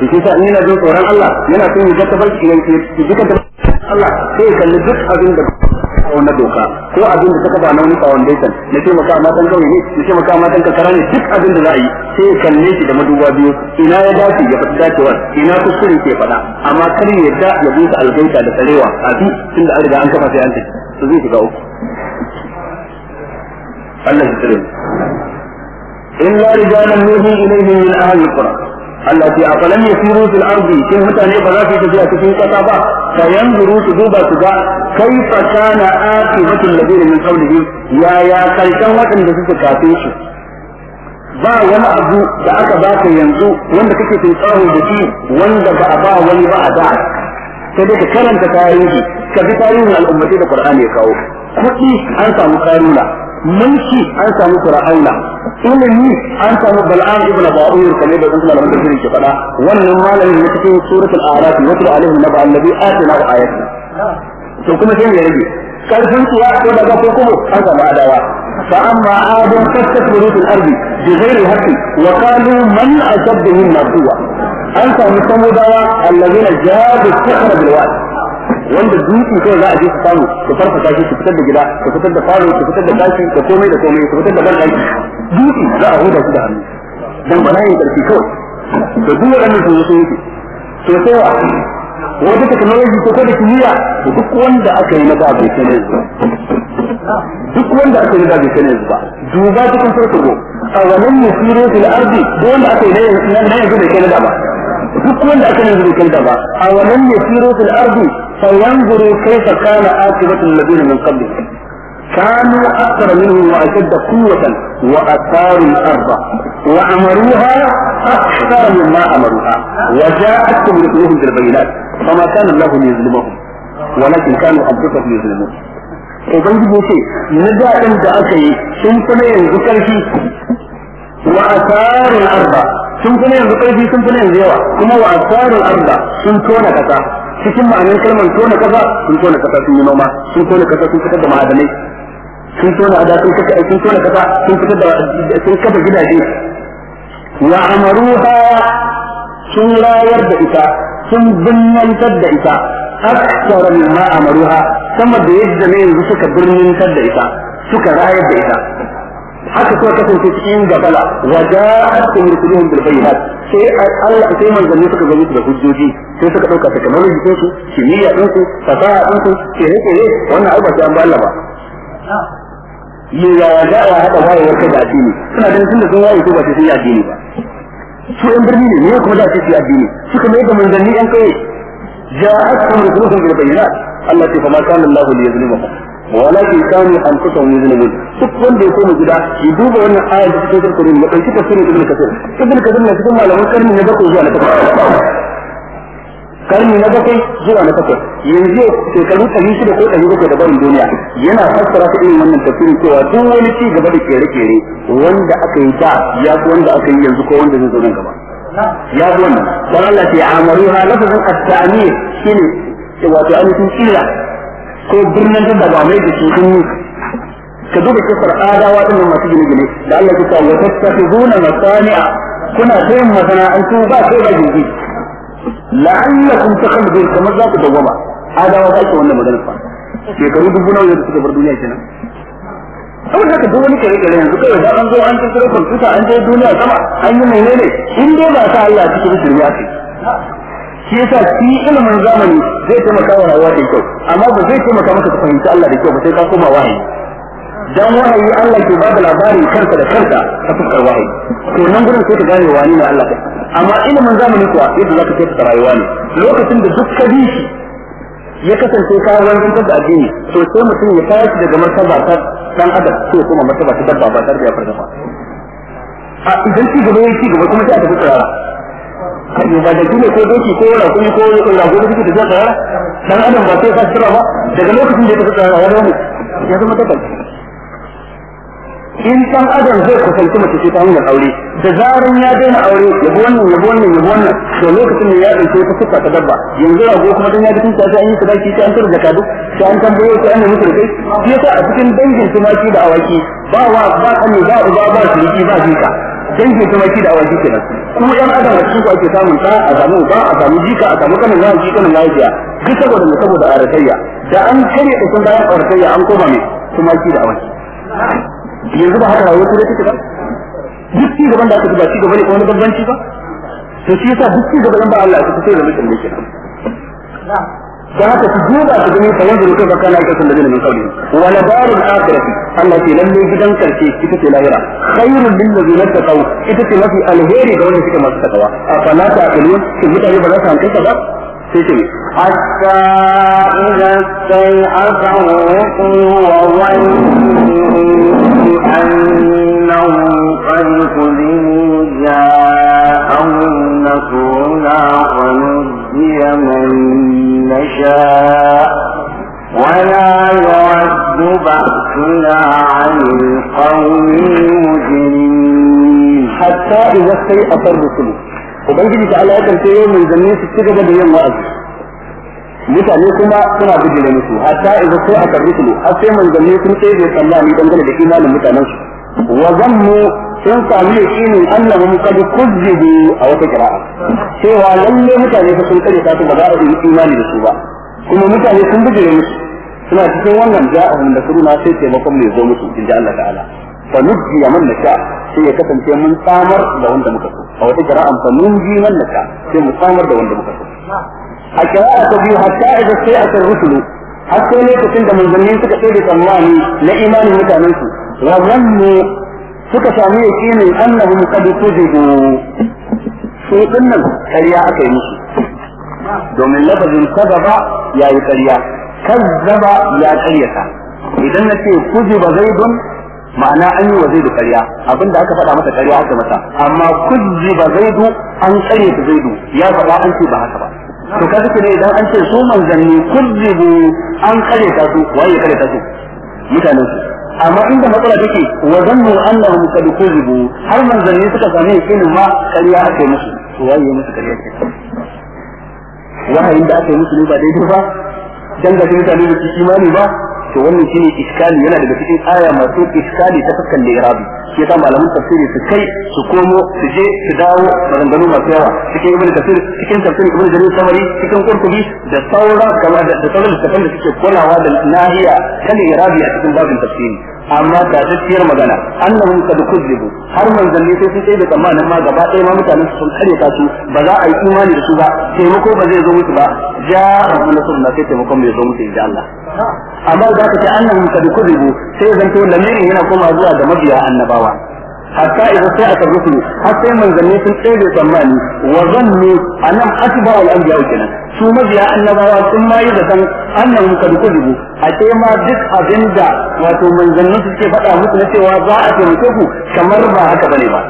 to shi sa in yana jin tsoron Allah yana son ya zata tabarki ne ke duka da Allah sai ya kalli duk abin da na doka ko abin da ta kaba na wani foundation na ce maka matan kawai ne na ce maka matan kakara ne duk abin da za a yi sai ya kalle shi da maduwa biyu ina ya dace ya fata dacewar ina kuskure ke faɗa amma kar ya yadda ya busa algaita da tsarewa a bi tun da an riga an kafa sai an tafi to zai shiga uku Allah ya tsare illa rijalan nuhi ilayhim min ahli qura Allah ce a falan yasiru fil ardi shin mutane ba za su yi tafi a cikin kasa ba fa yanzuru su duba su ga kaifa kana akibatu alladhina min qawlihim ya ya karshen waɗanda suke kafe su? ba wani abu da aka baka yanzu wanda kake tsaro da shi wanda ba a ba wani ba a da sai dai karanta tarihi ka bi tarihin al'ummati da Qur'ani ya kawo kuɗi an samu karuna mulki an samu fir'auna ilimi an samu bal'an ibn ba'ur kamar da kuma malamin tafsiri ke faɗa wannan malamin na cikin suratul a'raf yatlu alaihim naba allazi atina wa ayatu to kuma sai ya rage karfin kuwa ko daga ko kuma an samu adawa fa amma adun tastakbiru fil ardi bi ghairi haqqi wa qalu man ashaddu minna quwwa an samu samudawa allazina jahadu sakhra bil wadi wanda dutse kawai za a je su samu su farfasa shi su fitar da gida su fitar da falo su fitar da daki da komai da komai su fitar da ban daki dutse za a hoda su da hannu dan bala'in karfi kawai da duk waɗannan sun zo yake to sai wa wata technology ko duk wanda aka yi na da bai kai duk wanda aka yi na bai ba duba cikin farko a wannan musiru fil ardi duk wanda aka yi na yanzu bai kai da ba duk wanda aka yi na bai da ba a wannan fil ardi kaifa kana akibatu min كانوا أكثر منهم وأشد قوة وأثاروا الأرض وعمروها أكثر مما عمروها وجاءتهم رسلهم بالبينات فما كان الله ليظلمهم ولكن كانوا أنفسهم يظلمون ubangiji ce nadadin da aka yi sun kuma yanzu karfi wa asarin arba sun kuma yanzu karfi sun kuma yanzu yawa kuma wa asarin arba sun tona kasa cikin ma'anar kalmar tona kasa sun tona kasa sun yi noma sun tona kasa sun fitar da ma'adanai sun tona a sun kasa sun tona kasa sun fitar da sun kafa gidaje wa amaruha sun rayar da ita sun binnantar da ita akthar mimma amaruha sama da yadda ne yanzu suka binnantar da ita suka rayar da ita haka kuma kasance cikin gabala wa ja'atkum rusuluhum bil bayyinat sai Allah sai manzanni suka gani su da hujjoji sai suka dauka technology din su kimiyya din su fasaha din su ke ne wannan albashi an ba Allah ba me yaya za a haɗa wayewar kai da addini suna ganin tunda sun waye ko ba su yi addini ba su yan birni ne ne kuma da su yi addini suka mai da manzanni yan kai ja'atkum rusulun bil bayyinat Allah ce fa ma kana Allah li yuzlimakum walakin kanu anfusahum yuzlimun duk wanda ya koma gida ya duba wannan ayar da take cikin Qur'ani ya dauki tafsirin Ibn Kathir Ibn Kathir na cikin malaman karni na bakwai zuwa na takwas karni na bakwai zuwa na takwas yanzu shekaru ɗari shida ko ɗari bakwai da barin duniya yana fassara ta irin wannan tafsirin cewa duk wani ci gaba da kere-kere wanda aka yi da ya fi wanda aka yi yanzu ko wanda zai zo nan gaba ya fi wannan don Allah ce amaruha lafazin at-ta'mir shine wato ainihin kila ko birnin da ba mai da shi sun ka duba kisar adawa din masu gine-gine da Allah ke ya ce wa tattakhizuna masani'a kuna sayan masana'antu ba sai da gine la'allakum takhludun kamar za ku dawwama adawa ta ce wannan maganar fa shekaru dubu nawa da suka bar duniya kenan saboda haka duk wani kare kare yanzu kawai da an zo an tattara kwamfuta an je duniya sama an yi ne in dai ba sa Allah cikin shirya ce shi yasa shi ilimin zamani zai taimaka wa rayuwa da kyau amma ba zai taimaka maka ka fahimci Allah da kyau ba sai ka koma wahayi dan wahayi Allah ke da labarin kansa da kansa ka fuskar wahayi to nan gurin sai ka gane wani ne Allah kai amma ilimin zamani kuwa yadda zaka ce ta rayuwa ne lokacin da duk ka bi shi ya kasance ka wanzantar da addini to sai mutum ya tashi daga martaba ta dan adam to kuma martaba ta dabba ba tare da ya farka ba a idan shi gaba ya gaba kuma sai a tafi tsara ba da ne ko doki ko kuma ko ko da kike da tsara dan adam ba sai ka tsara ba daga lokacin da ya tafi tsara ya zama ya zama in san adam zai kusanci mace ce ta hanyar aure da zaran ya daina aure ya bi wannan ya bi wannan ya bi wannan to lokacin ne ya dace ta fuska ta dabba yanzu rago kuma dan ya dukin ta an yi sadaki ta an tura zakatu ta an tambaye ta an yi musu kai shi yasa a cikin dangin tumaki da awaki ba wa ba kane ba uba ba shiriki ba jika dangin tumaki da awaki kenan ku yan adam a cikin ku ake samun ta a samu ba a samu jika a samu kanin yawan nan lafiya duk saboda ne saboda arakayya da an kare da sun bayan arakayya an koma ne tumaki da awaki yanzu ba haka rayuwar turai take ba duk ci gaban da aka ba ci gaba ne kuma wani ba to shi yasa duk ci gaban ba Allah ya sai da mutum ne kenan da haka su duba su gani fa yanzu kai bakana na ka san da min kauli wa la al akhirah Allah ke lalle gidan karshe ita ce lahira khairul lil ladina taqaw ita ce mafi alheri da wanda suka masu takawa afala ta'qilun shin mutane ba za su hankalta ba حتى إذا استيأس الرسل وظنوا أنهم قد كذبوا جاءهم نصرنا فنجي من نشاء ولا يرد بأسنا عن القوم المجرمين حتى إذا استيأس الرسل ubangiji ta Allah ya kance yau mai zanni su ci gaba da yin wa'azi mutane kuma suna bijire musu hatta idza su aka rusulu har sai manzanni sun sai da sallani dangane da imanin mutanen su wa zammu sun sami yakinin annahum qad kuzzibu a wata qira'a cewa lalle mutane su sun kare ta su ba za yi imani da su ba kuma mutane sun bijire musu suna cikin wannan ja'a da kuruna sai taimakon mai zo musu inda Allah ta'ala fa nujji man nasha sai ya kasance mun samar da wanda muka so a wata qira'a fa nunji man nasha sai mu samar da wanda muka so a qira'a ta biyu hatta idza sa'at ar-rusulu har sai lokacin da manzanni suka sai da tsammani na imanin mutanen su wa zannu suka sami yakinin annahum qad tujibu su dinnan kariya aka yi musu domin lafazin kadaba yayi kariya kazzaba ya karyata idan nace kujiba zaidun ma'ana an yi wa zaidu ƙarya abinda aka faɗa masa ƙarya aka masa amma kulli ba zaidu an ƙarya ta zaidu ya faɗa an ce ba haka ba to kaga ne idan an ce su manzanni kullibu an ƙarya ta su waye ƙarya ta su mutanen su amma inda matsala take wa zannu annahum qad kuzibu har manzanni suka same shi ma ƙarya aka musu to waye musu ƙarya ke wahayin da aka musu ne ba daidai ba dan ga mutane da su imani ba to wannan shine iskali yana daga cikin aya masu iskali ta fuskan da irabi shi yasa malaman tafsiri su kai su komo su je su dawo maganganu masu yawa cikin ibnu tafsir cikin tafsir ibnu jarir samari cikin qurtubi da saura kamar da sauran da suke kulawa da nahiya kan irabi a cikin babin tafsiri amma da zacciyar magana annahum kad kujibu har manzanni sai sun da tsammanin ma gaba ɗaya ma mutanen su sun kare su ba za a yi imani da su ba taimako ba zai zo musu ba ja'a sunna sai taimakon bai zo musu insha Allah amma da ka ce annahum kad kujibu sai zanto lamirin yana koma zuwa ga mabiya annabawa hatta idza sa'aka rusul har sai manzanni sun tsere tsammani wa zannu anan atba al anbiya kenan su mabiya annabawa sun ma yi zaton annahum kad kudibu a sai ma duk abinda wato manzanni suke faɗa musu na cewa za a taimake ku kamar ba haka bane ba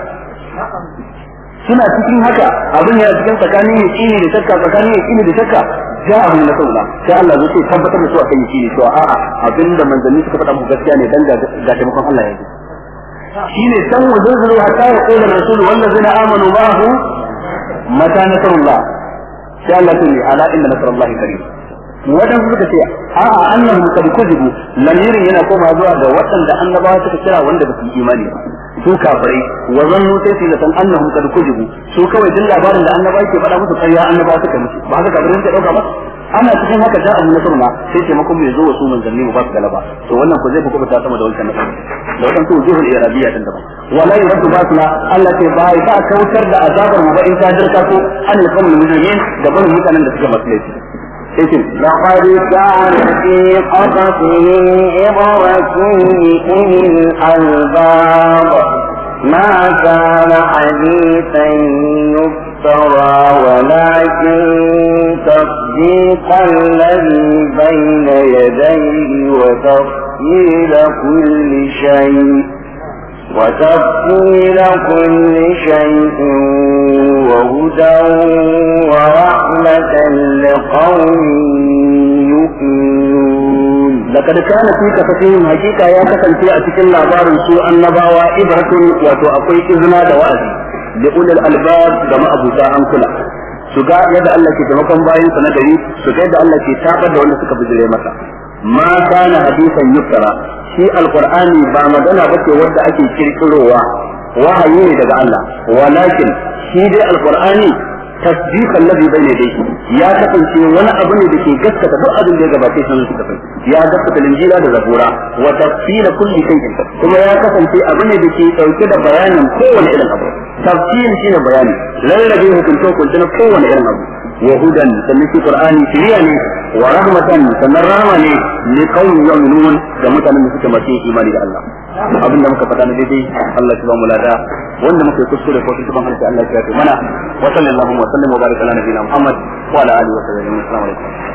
suna cikin haka abin ya cikin tsakanin yaƙini da shakka tsakanin yaƙini da shakka ja abin na sauna sai Allah zai ce tabbatar da su akan ne cewa a'a abinda manzanni suka faɗa muku gaskiya ne dan ga taimakon Allah ya yanzu Shi ne san wazuru hatta ya qala rasul wallazina amanu ma'ahu mata nasrullah sai Allah ya ce ala inna nasrullahi qarib wadan suka ce a a annahum kad kuzibu lamirin yana koma zuwa ga waɗanda annabawa suka kira wanda ba su yi imani ba su kafirai wa zannu sai su san annahum kad kuzibu su kawai duk labarin da annabawa ke faɗa musu ƙarya annabawa suka musu ba haka kafirai suka dauka ba ana cikin haka da annabawa sai taimakon mai zo wa su manzanni mu ba su galaba to wannan ko zai fi kuma ta sama da wancan na da waɗansu wujuhul irabiyya din da wala yurdu basuna Allah ce ba ya kautar da azabar mu ba in ta dirka ko an kamun mujrimin da ban mutanen da suka maslaci لقد كان في قصصهم عبرة لأولي الألباب ما كان حديثا يفترى ولكن تصديق الذي بين يديه وتصديق وتفصيل كل شيء وتفصيل كل شيء وهدى ورحمة لقوم يؤمنون لقد كان في قصصهم حقيقة يا كسن في أتكلم لابار سوء النبوة إبرة وتؤقي إذنا دوازي لأولي الألباب كما أبو ساهم كلا su ga yadda Allah ke taimakon bayan sa na gari su ga yadda Allah ke tabar da wanda suka bijire masa ma kana hadisan yuftara shi alqur'ani ba magana bace wanda ake kirkirowa wahayi ne daga Allah walakin shi dai alqur'ani tasdiq alladhi bayna yadayhi ya kasance wani abu ne dake gaskata duk abin da ya gabace shi suka kai ya gaskata linjila da zabura wa tafsir kulli shay'in kuma ya kasance abu ne dake dauke da bayanin kowane irin abu tafsir shine bayani lallabi hukunta hukunta kowane irin abu wa hudan sannan shi qur'ani shiriya ne wa rahmatan sannan rahama ne ne qaumin yu'minun da mutanen da suke masu imani da Allah abinda muka faɗa na daidai Allah ya ba mu lada wanda muka kuskure ko tuban halin Allah ya kai mana wa sallallahu wa sallam wa baraka ala nabiyina Muhammad wa ala alihi wa sahbihi assalamu alaikum